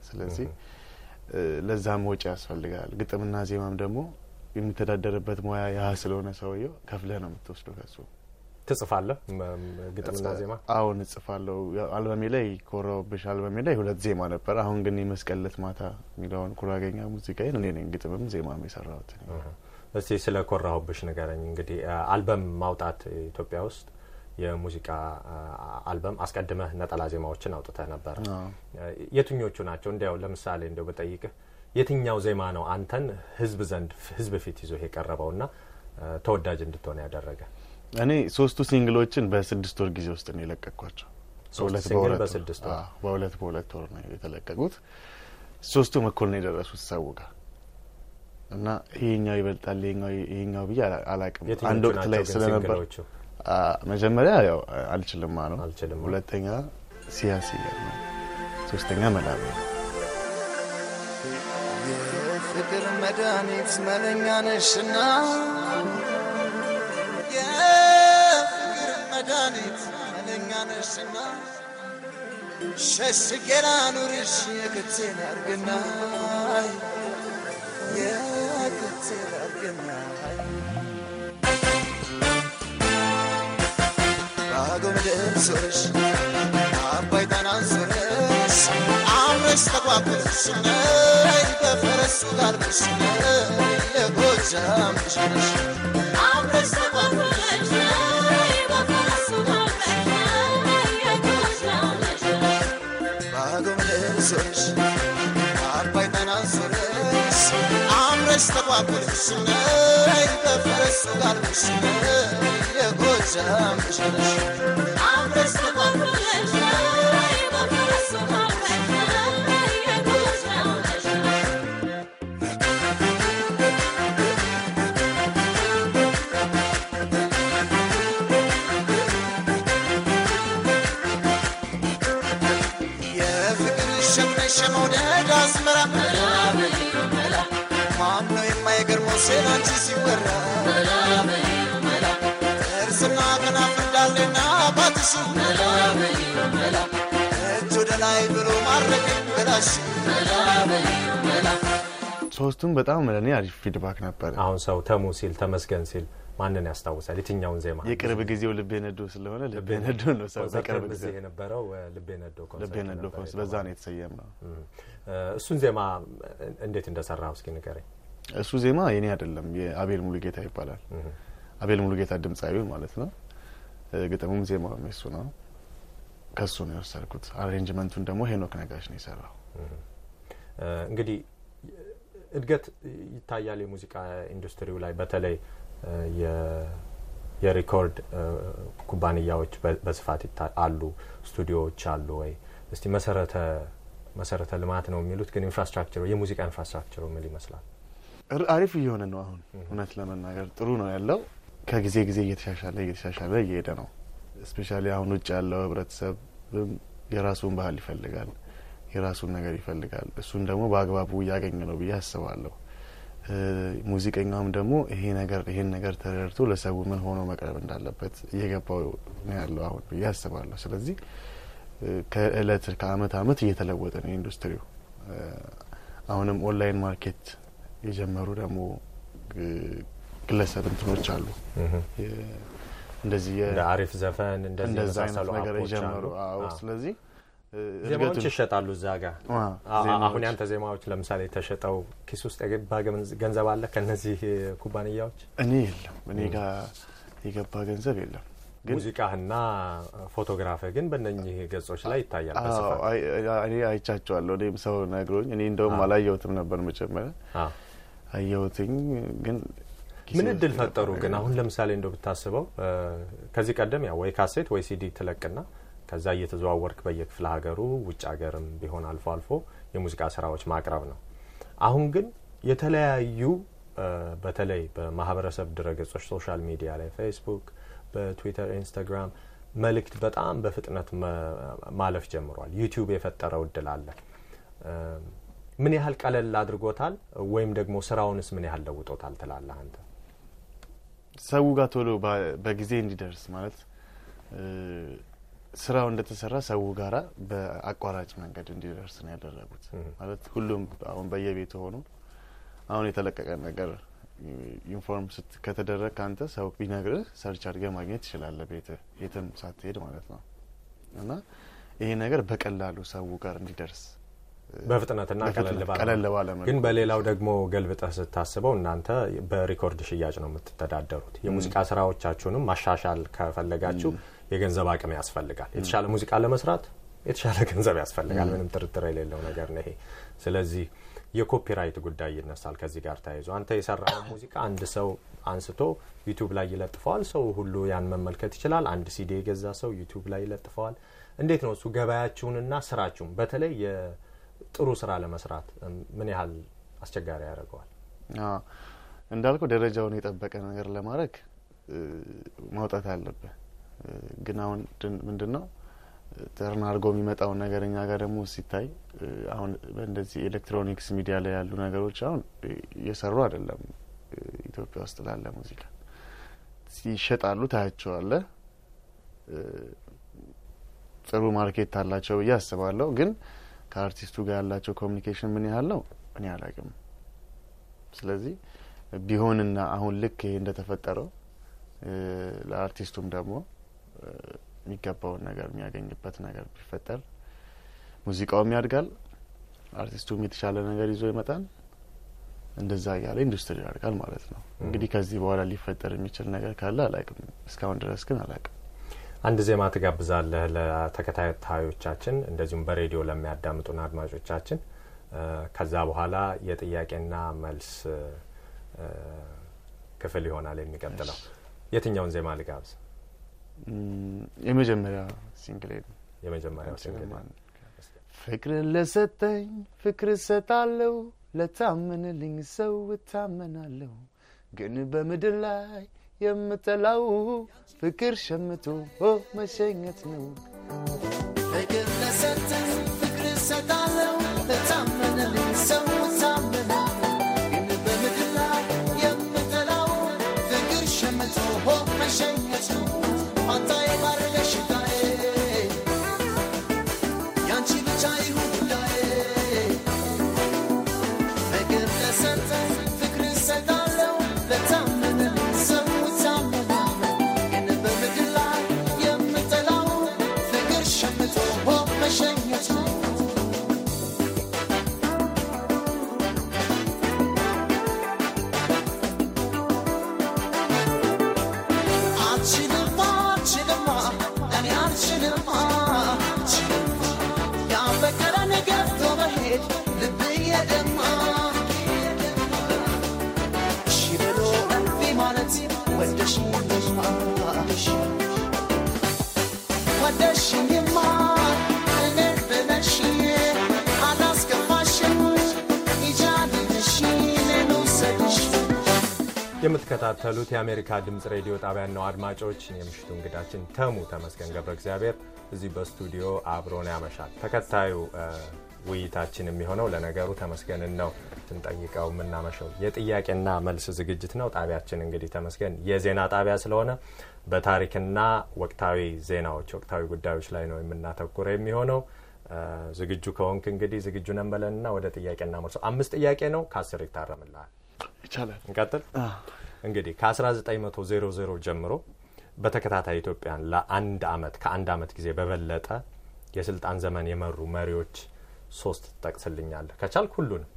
ስለዚህ ለዛም ወጪ ያስፈልጋል። ግጥምና ዜማም ደግሞ የሚተዳደርበት ሙያ ያ ስለሆነ ሰውየው ከፍለህ ነው የምትወስደው ከሱ። ትጽፋለ ግጥምና ዜማ? አሁን እጽፋለሁ። አልበሜ ላይ ኮራውብሽ አልበሜ ላይ ሁለት ዜማ ነበር። አሁን ግን የመስቀለት ማታ የሚለውን ኩራገኛ ሙዚቃዬን እኔ ግጥምም ዜማም የሰራሁት። እስቲ ስለ ኮራሁብሽ ንገረኝ። እንግዲህ አልበም ማውጣት ኢትዮጵያ ውስጥ የሙዚቃ አልበም አስቀድመህ ነጠላ ዜማዎችን አውጥተህ ነበር። የትኞቹ ናቸው? እንዲያው ለምሳሌ እንዲያው በጠይቅህ የትኛው ዜማ ነው አንተን ህዝብ ዘንድ ህዝብ ፊት ይዞ የቀረበውና ተወዳጅ እንድትሆነ ያደረገ? እኔ ሶስቱ ሲንግሎችን በስድስት ወር ጊዜ ውስጥ ነው የለቀቅኳቸው። በሁለት በሁለት ወር ነው የተለቀቁት። ሶስቱም እኩል ነው የደረሱት ሰው ጋር እና ይሄኛው ይበልጣል ይሄኛው ብዬ አላቅም። አንድ ወቅት ላይ ስለነበር መጀመሪያ ያው አልችልማ ነው፣ ሁለተኛ ሲያሲ ነው፣ ሶስተኛ መላብ ነው። የፍቅር መድኃኒት መለኛ ነሽና የፍቅር መድኃኒት መለኛ ነሽና ሸሽጌ ላኑርሽ የክቴን አርግናይ til at gemai Bagum desurish Abbay tanazurish Amres takwakurish Ney beferes galbish Ney legojam kishirish Amres takwakurish استوابرشن ای بفرست دارشن یه گوشم چرشن عبرست بابرشن ای بفرست دارشن یه گوشم چرشن یه فکرشم نشمونه ስላንቺ ሲወራ እርስና ቀና አባትሽ እጅ ወደ ላይ ብሎ ማድረግ በላሽ ሶስቱም በጣም ለእኔ አሪፍ ፊድባክ ነበር አሁን ሰው ተሙ ሲል ተመስገን ሲል ማንን ያስታውሳል? የትኛውን ዜማ? የቅርብ ጊዜው ልቤ ነዶ ስለሆነ ልቤ ነዶ ነው። ሰው በቅርብ ጊዜ የነበረው ልቤ ነዶ ልቤ ነዶ ኮንሰርት በዛ ነው የተሰየም ነው። እሱን ዜማ እንዴት እንደሰራው እስኪ ንገረኝ። እሱ ዜማ የኔ አይደለም፣ የአቤል ሙሉጌታ ይባላል። አቤል ሙሉጌታ ድምጻዊ ማለት ነው። ግጥሙም ዜማ የሱ ነው። ከሱ ነው የወሰድኩት። አሬንጅመንቱን ደግሞ ሄኖክ ነጋሽ ነው የሰራው። እንግዲህ እድገት ይታያል የሙዚቃ ኢንዱስትሪው ላይ በተለይ የሪኮርድ ኩባንያዎች በስፋት አሉ፣ ስቱዲዮዎች አሉ ወይ? እስቲ መሰረተ መሰረተ ልማት ነው የሚሉት ግን ኢንፍራስትራክቸሩ የሙዚቃ ኢንፍራስትራክቸሩ ምን ይመስላል? አሪፍ እየሆነ ነው አሁን እውነት ለመናገር ጥሩ ነው ያለው። ከጊዜ ጊዜ እየተሻሻለ እየተሻሻለ እየሄደ ነው። እስፔሻሊ አሁን ውጭ ያለው ህብረተሰብ የራሱን ባህል ይፈልጋል፣ የራሱን ነገር ይፈልጋል። እሱን ደግሞ በአግባቡ እያገኘ ነው ብዬ አስባለሁ። ሙዚቀኛውም ደግሞ ይሄ ነገር ይሄን ነገር ተረድቶ ለሰው ምን ሆኖ መቅረብ እንዳለበት እየገባው ነው ያለው አሁን ብዬ አስባለሁ። ስለዚህ ከእለት ከአመት አመት እየተለወጠ ነው ኢንዱስትሪው። አሁንም ኦንላይን ማርኬት የጀመሩ ደግሞ ግለሰብ እንትኖች አሉ እንደዚህ አሪፍ ዘፈን እንደዚህ ነገር የጀመሩ ስለዚህ ዜማዎች ይሸጣሉ እዛ ጋር አሁን ያንተ ዜማዎች ለምሳሌ ተሸጠው ኪስ ውስጥ የገባ ገንዘብ አለ ከእነዚህ ኩባንያዎች እኔ የለም እኔ ጋር የገባ ገንዘብ የለም ሙዚቃህና ፎቶግራፍ ግን በእነኚህ ገጾች ላይ ይታያል እኔ አይቻቸዋለሁ እኔም ሰው ነግሮኝ እኔ እንደውም አላየሁትም ነበር መጀመሪያ አየሁትኝ ግን ምን እድል ፈጠሩ ግን አሁን ለምሳሌ እንደው ብታስበው ከዚህ ቀደም ያ ወይ ካሴት ወይ ሲዲ ትለቅና ከዛ እየተዘዋወርክ በየክፍለ ሀገሩ ውጭ ሀገርም ቢሆን አልፎ አልፎ የሙዚቃ ስራዎች ማቅረብ ነው። አሁን ግን የተለያዩ በተለይ በማህበረሰብ ድረገጾች ሶሻል ሚዲያ ላይ ፌስቡክ፣ በትዊተር፣ ኢንስታግራም መልእክት በጣም በፍጥነት ማለፍ ጀምሯል። ዩቲዩብ የፈጠረው እድል አለ። ምን ያህል ቀለል አድርጎታል ወይም ደግሞ ስራውንስ ምን ያህል ለውጦታል ትላለህ አንተ? ሰው ጋር ቶሎ በጊዜ እንዲደርስ ማለት ስራው እንደተሰራ ሰው ጋራ በአቋራጭ መንገድ እንዲደርስ ነው ያደረጉት። ማለት ሁሉም አሁን በየቤቱ ሆኖ አሁን የተለቀቀ ነገር ኢንፎርም ከተደረግ አንተ ሰው ቢነግርህ ሰርች አድገ ማግኘት ይችላለ ቤት የትም ሳትሄድ ማለት ነው። እና ይሄ ነገር በቀላሉ ሰው ጋር እንዲደርስ በፍጥነትና ቀለል ባለ ግን በሌላው ደግሞ ገልብጠህ ስታስበው እናንተ በሪኮርድ ሽያጭ ነው የምትተዳደሩት። የሙዚቃ ስራዎቻችሁንም ማሻሻል ከፈለጋችሁ የገንዘብ አቅም ያስፈልጋል። የተሻለ ሙዚቃ ለመስራት የተሻለ ገንዘብ ያስፈልጋል። ምንም ጥርጥር የሌለው ነገር ነው ይሄ። ስለዚህ የኮፒራይት ጉዳይ ይነሳል ከዚህ ጋር ተያይዞ። አንተ የሰራውን ሙዚቃ አንድ ሰው አንስቶ ዩቱብ ላይ ይለጥፈዋል። ሰው ሁሉ ያን መመልከት ይችላል። አንድ ሲዲ የገዛ ሰው ዩቱብ ላይ ይለጥፈዋል። እንዴት ነው እሱ ገበያችሁንና ስራችሁን በተለይ ጥሩ ስራ ለመስራት ምን ያህል አስቸጋሪ ያደርገዋል? እንዳልከው ደረጃውን የጠበቀ ነገር ለማድረግ መውጣት አለብህ። ግን አሁን ምንድን ነው ተርን አድርጎ የሚመጣውን ነገር እኛ ጋር ደግሞ ሲታይ አሁን በእንደዚህ ኤሌክትሮኒክስ ሚዲያ ላይ ያሉ ነገሮች አሁን እየሰሩ አይደለም። ኢትዮጵያ ውስጥ ላለ ሙዚቃ ሲሸጣሉ ታያቸዋለ። ጥሩ ማርኬት አላቸው ብዬ አስባለሁ ግን ከአርቲስቱ ጋር ያላቸው ኮሚኒኬሽን ምን ያህል ነው እኔ አላቅም። ስለዚህ ቢሆንና አሁን ልክ ይሄ እንደተፈጠረው ለአርቲስቱም ደግሞ የሚገባውን ነገር የሚያገኝበት ነገር ቢፈጠር ሙዚቃውም ያድጋል፣ አርቲስቱም የተሻለ ነገር ይዞ ይመጣል። እንደዛ እያለ ኢንዱስትሪ ያድጋል ማለት ነው። እንግዲህ ከዚህ በኋላ ሊፈጠር የሚችል ነገር ካለ አላቅም። እስካሁን ድረስ ግን አላቅም። አንድ ዜማ ትጋብዛለህ ለተከታታዮቻችን፣ እንደዚሁም በሬዲዮ ለሚያዳምጡን አድማጮቻችን። ከዛ በኋላ የጥያቄና መልስ ክፍል ይሆናል የሚቀጥለው። የትኛውን ዜማ ልጋብዝ? የመጀመሪያ ሲንግል የመጀመሪያው ሲንግል ፍቅር ለሰጠኝ ፍቅር እሰጣለሁ፣ ለታመንልኝ ሰው እታመናለሁ፣ ግን በምድር ላይ የምጠላው ፍቅር ሸምቶ መሸኘት ነው ፍቅር ለሰጥን ፍቅር ሰጣለው የምትከታተሉት የአሜሪካ ድምፅ ሬዲዮ ጣቢያን ነው። አድማጮች፣ የምሽቱ እንግዳችን ተሙ ተመስገን ገብረ እግዚአብሔር እዚህ በስቱዲዮ አብሮን ያመሻል። ተከታዩ ውይይታችን የሚሆነው ለነገሩ ተመስገንን ነው ስንጠይቀው የምናመሸው የጥያቄና መልስ ዝግጅት ነው። ጣቢያችን እንግዲህ ተመስገን የዜና ጣቢያ ስለሆነ በታሪክና ወቅታዊ ዜናዎች፣ ወቅታዊ ጉዳዮች ላይ ነው የምናተኩረ የሚሆነው። ዝግጁ ከሆንክ እንግዲህ ዝግጁ ነን በለንና ወደ ጥያቄና መልሶ አምስት ጥያቄ ነው ከአስር ይታረምልሃል ይቻላል እንቀጥል እንግዲህ ከ1900 ጀምሮ በተከታታይ ኢትዮጵያን ለአንድ አመት ከአንድ አመት ጊዜ በበለጠ የስልጣን ዘመን የመሩ መሪዎች ሶስት ትጠቅስልኛለህ ከቻልክ ሁሉንም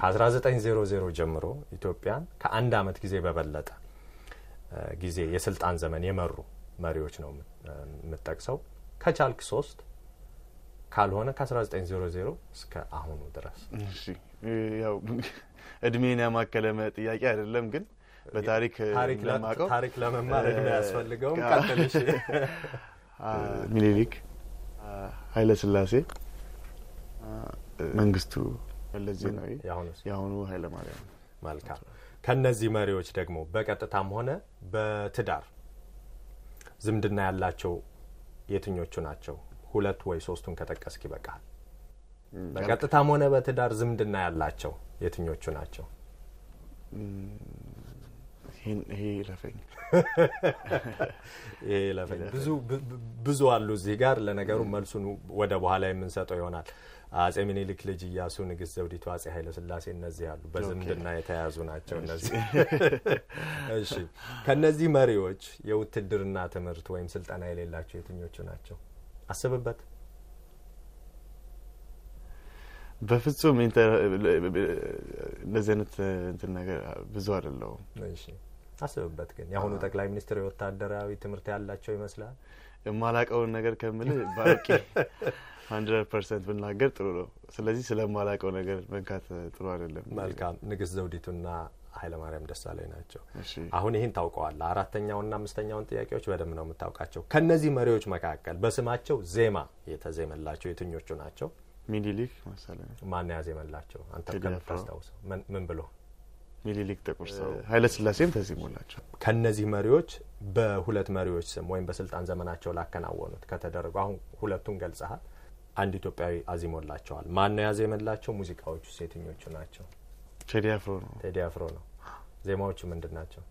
ከ1900 ጀምሮ ኢትዮጵያን ከአንድ አመት ጊዜ በበለጠ ጊዜ የስልጣን ዘመን የመሩ መሪዎች ነው የምጠቅሰው ከቻልክ ሶስት ካልሆነ ከ1900 እስከ አሁኑ ድረስ እድሜን ያማከለ ጥያቄ አይደለም ግን በታሪክ ለማቀው ታሪክ ለመማር እድሜ ያስፈልገውም ቀጥልሽ ሚኒሊክ ኃይለ ስላሴ መንግስቱ ለዚህ ነው የአሁኑ ኃይለ ማርያም መልካም ከእነዚህ መሪዎች ደግሞ በቀጥታም ሆነ በትዳር ዝምድና ያላቸው የትኞቹ ናቸው ሁለት ወይ ሶስቱን ከጠቀስክ ይበቃል በቀጥታም ሆነ በትዳር ዝምድና ያላቸው የትኞቹ ናቸው? ይሄ ይለፈኝ ይሄ ይለፈኝ። ብዙ ብዙ አሉ እዚህ ጋር። ለነገሩ መልሱን ወደ በኋላ የምንሰጠው ይሆናል። አጼ ሚኒሊክ ልጅ እያሱ፣ ንግስት ዘውዲቱ፣ አጼ ኃይለስላሴ እነዚህ አሉ። በዝምድና የተያዙ ናቸው እነዚህ። እሺ፣ ከእነዚህ መሪዎች የውትድርና ትምህርት ወይም ስልጠና የሌላቸው የትኞቹ ናቸው? አስብበት። በፍጹም እንደዚህ አይነት እንትን ነገር ብዙ አይደለውም። አስብበት ግን የአሁኑ ጠቅላይ ሚኒስትር የወታደራዊ ትምህርት ያላቸው ይመስላል። የማላቀውን ነገር ከምል በቂ ሀንድረድ ፐርሰንት ብናገር ጥሩ ነው። ስለዚህ ስለማላቀው ነገር መንካት ጥሩ አይደለም። መልካም ንግስት ዘውዲቱና ኃይለማርያም ደሳለኝ ናቸው። አሁን ይህን ታውቀዋል። አራተኛውና አምስተኛውን ጥያቄዎች በደንብ ነው የምታውቃቸው። ከእነዚህ መሪዎች መካከል በስማቸው ዜማ የተዜመላቸው የትኞቹ ናቸው? ሚኒሊክ መሰለኝ ማን ያዝ የመላቸው አንተ ከምታስታውሰው ምን ብሎ ሚኒሊክ ጥቁር ሰው ኃይለ ስላሴም ሞላቸው ከነዚህ መሪዎች በሁለት መሪዎች ስም ወይም በስልጣን ዘመናቸው ላከናወኑት ከተደረጉ አሁን ሁለቱን ገልጸሃል። አንድ ኢትዮጵያዊ አዚሞላቸዋል። ማን ነው ያዘ የመላቸው? ሙዚቃዎቹ ሴትኞቹ ናቸው? ቴዲ አፍሮ ነው። ቴዲ አፍሮ ነው። ዜማዎቹ ምንድን ናቸው?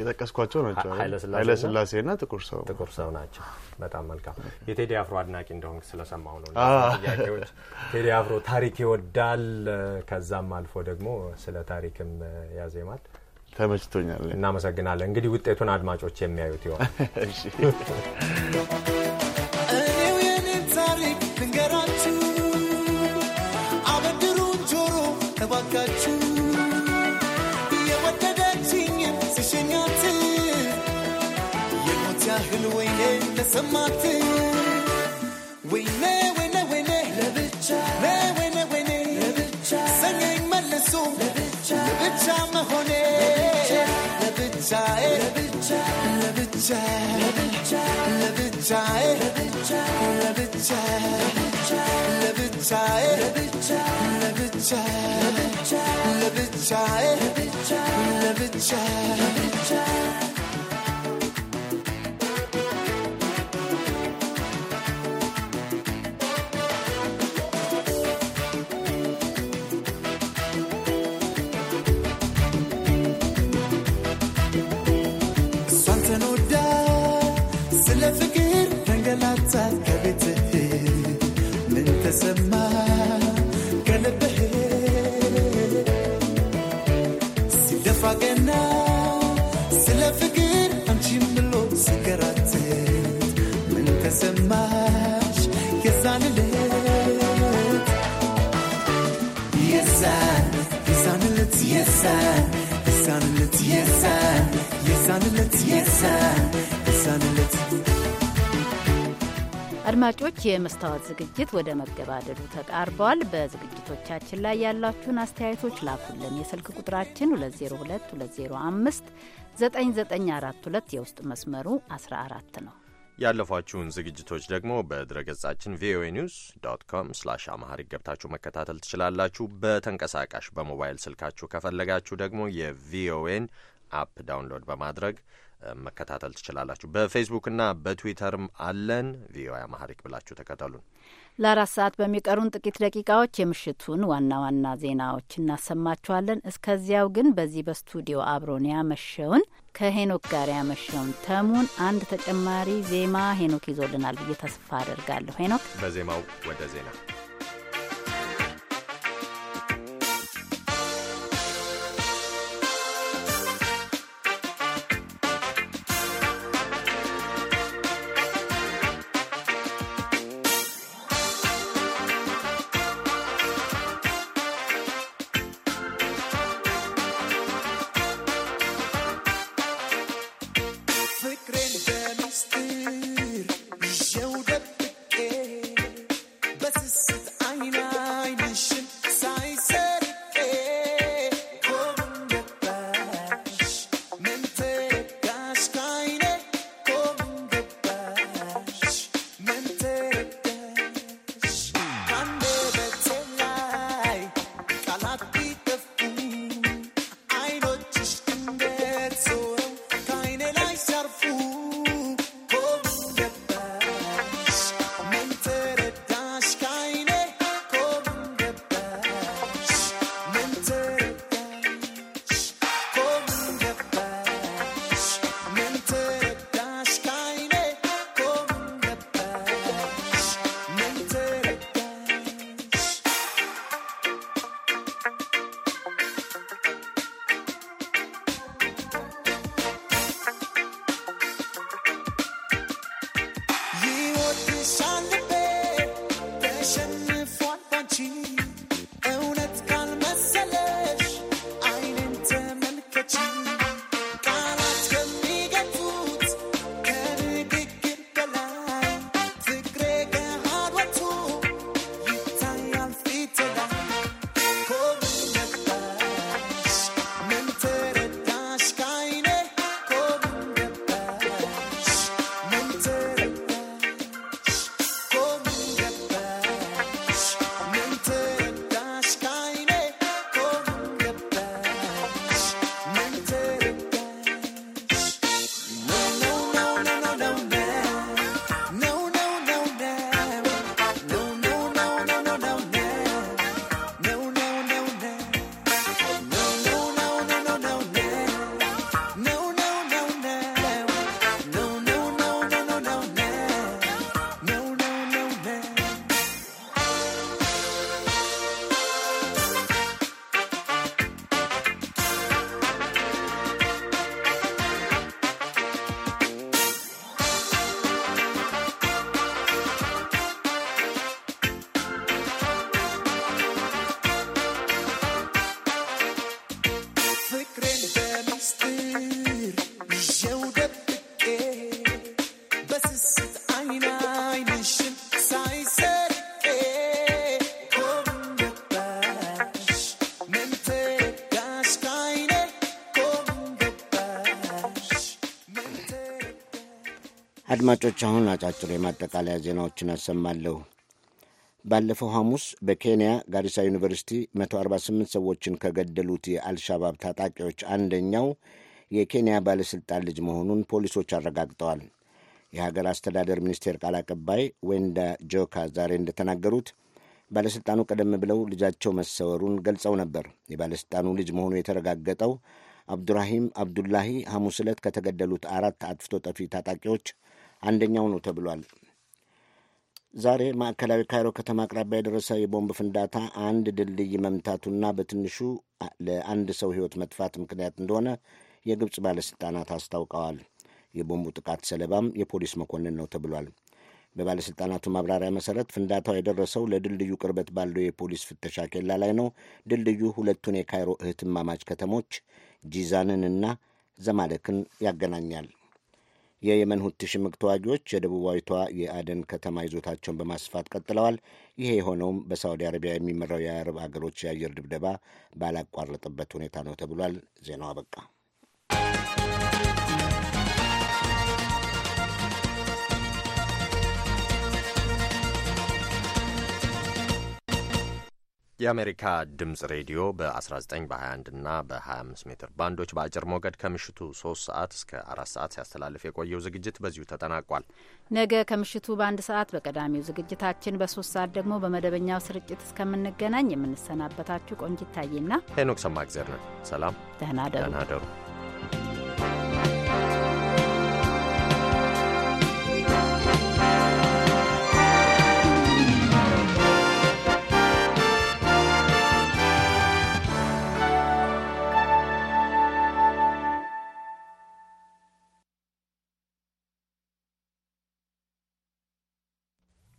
የጠቀስኳቸው ናቸው። ኃይለስላሴ ና ጥቁር ሰው ጥቁር ሰው ናቸው። በጣም መልካም። የቴዲ አፍሮ አድናቂ እንደሆን ስለሰማው ነው ጥያቄዎች። ቴዲ አፍሮ ታሪክ ይወዳል፣ ከዛም አልፎ ደግሞ ስለ ታሪክም ያዜማል። ተመችቶኛል። እናመሰግናለን። እንግዲህ ውጤቱን አድማጮች የሚያዩት ይሆናል። سمعتي ويني ويني ويني لبتشا ما ويني ويني لبتشا سنين ملسو لبتشا لبتشا ما هوني لبتشا إيه. لبتشا لبتشا إيه. لبتشا لبتشا إيه. لبتشا لبتشا لبتشا لبتشا لبتشا لبتشا لبتشا لبتشا لبتشا አድማጮች የመስታወት ዝግጅት ወደ መገባደዱ ተቃርበዋል። በዝግጅቶቻችን ላይ ያሏችሁን አስተያየቶች ላኩልን። የስልክ ቁጥራችን 205 9942 የውስጥ መስመሩ 14 ነው። ያለፏችሁን ዝግጅቶች ደግሞ በድረገጻችን ቪኦኤ ኒውስ ዶት ኮም ስላሽ አማሃሪክ ገብታችሁ መከታተል ትችላላችሁ። በተንቀሳቃሽ በሞባይል ስልካችሁ ከፈለጋችሁ ደግሞ የቪኦኤን አፕ ዳውንሎድ በማድረግ መከታተል ትችላላችሁ። በፌስቡክና በትዊተርም አለን። ቪኦኤ አማሃሪክ ብላችሁ ተከተሉን። ለአራት ሰዓት በሚቀሩን ጥቂት ደቂቃዎች የምሽቱን ዋና ዋና ዜናዎች እናሰማችኋለን። እስከዚያው ግን በዚህ በስቱዲዮ አብሮን ያመሸውን ከሄኖክ ጋር ያመሸውን ተሙን አንድ ተጨማሪ ዜማ ሄኖክ ይዞልናል ብዬ ተስፋ አደርጋለሁ። ሄኖክ በዜማው ወደ ዜና አድማጮች፣ አሁን አጫጭር የማጠቃለያ ዜናዎችን አሰማለሁ። ባለፈው ሐሙስ በኬንያ ጋሪሳ ዩኒቨርሲቲ 148 ሰዎችን ከገደሉት የአልሻባብ ታጣቂዎች አንደኛው የኬንያ ባለሥልጣን ልጅ መሆኑን ፖሊሶች አረጋግጠዋል። የሀገር አስተዳደር ሚኒስቴር ቃል አቀባይ ዌንዳ ጆካ ዛሬ እንደተናገሩት ባለሥልጣኑ ቀደም ብለው ልጃቸው መሰወሩን ገልጸው ነበር። የባለሥልጣኑ ልጅ መሆኑ የተረጋገጠው አብዱራሂም አብዱላሂ ሐሙስ ዕለት ከተገደሉት አራት አጥፍቶ ጠፊ ታጣቂዎች አንደኛው ነው ተብሏል። ዛሬ ማዕከላዊ ካይሮ ከተማ አቅራቢያ የደረሰ የቦምብ ፍንዳታ አንድ ድልድይ መምታቱና በትንሹ ለአንድ ሰው ሕይወት መጥፋት ምክንያት እንደሆነ የግብፅ ባለሥልጣናት አስታውቀዋል። የቦምቡ ጥቃት ሰለባም የፖሊስ መኮንን ነው ተብሏል። በባለሥልጣናቱ ማብራሪያ መሠረት ፍንዳታው የደረሰው ለድልድዩ ቅርበት ባለው የፖሊስ ፍተሻ ኬላ ላይ ነው። ድልድዩ ሁለቱን የካይሮ እህትማማች ከተሞች ጂዛንንና ዘማለክን ያገናኛል። የየመን ሁቲ ሽምቅ ተዋጊዎች የደቡባዊቷ የአደን ከተማ ይዞታቸውን በማስፋት ቀጥለዋል። ይሄ የሆነውም በሳዑዲ አረቢያ የሚመራው የአረብ አገሮች የአየር ድብደባ ባላቋረጠበት ሁኔታ ነው ተብሏል። ዜናው አበቃ። የአሜሪካ ድምፅ ሬዲዮ በ19 በ21 እና በ25 ሜትር ባንዶች በአጭር ሞገድ ከምሽቱ 3 ሰዓት እስከ አራት ሰዓት ሲያስተላልፍ የቆየው ዝግጅት በዚሁ ተጠናቋል። ነገ ከምሽቱ በአንድ ሰዓት በቀዳሚው ዝግጅታችን፣ በሶስት ሰዓት ደግሞ በመደበኛው ስርጭት እስከምንገናኝ የምንሰናበታችሁ ቆንጂት ታዬና ሄኖክ ሰማግዜር ነን። ሰላም፣ ደህና ደሩ።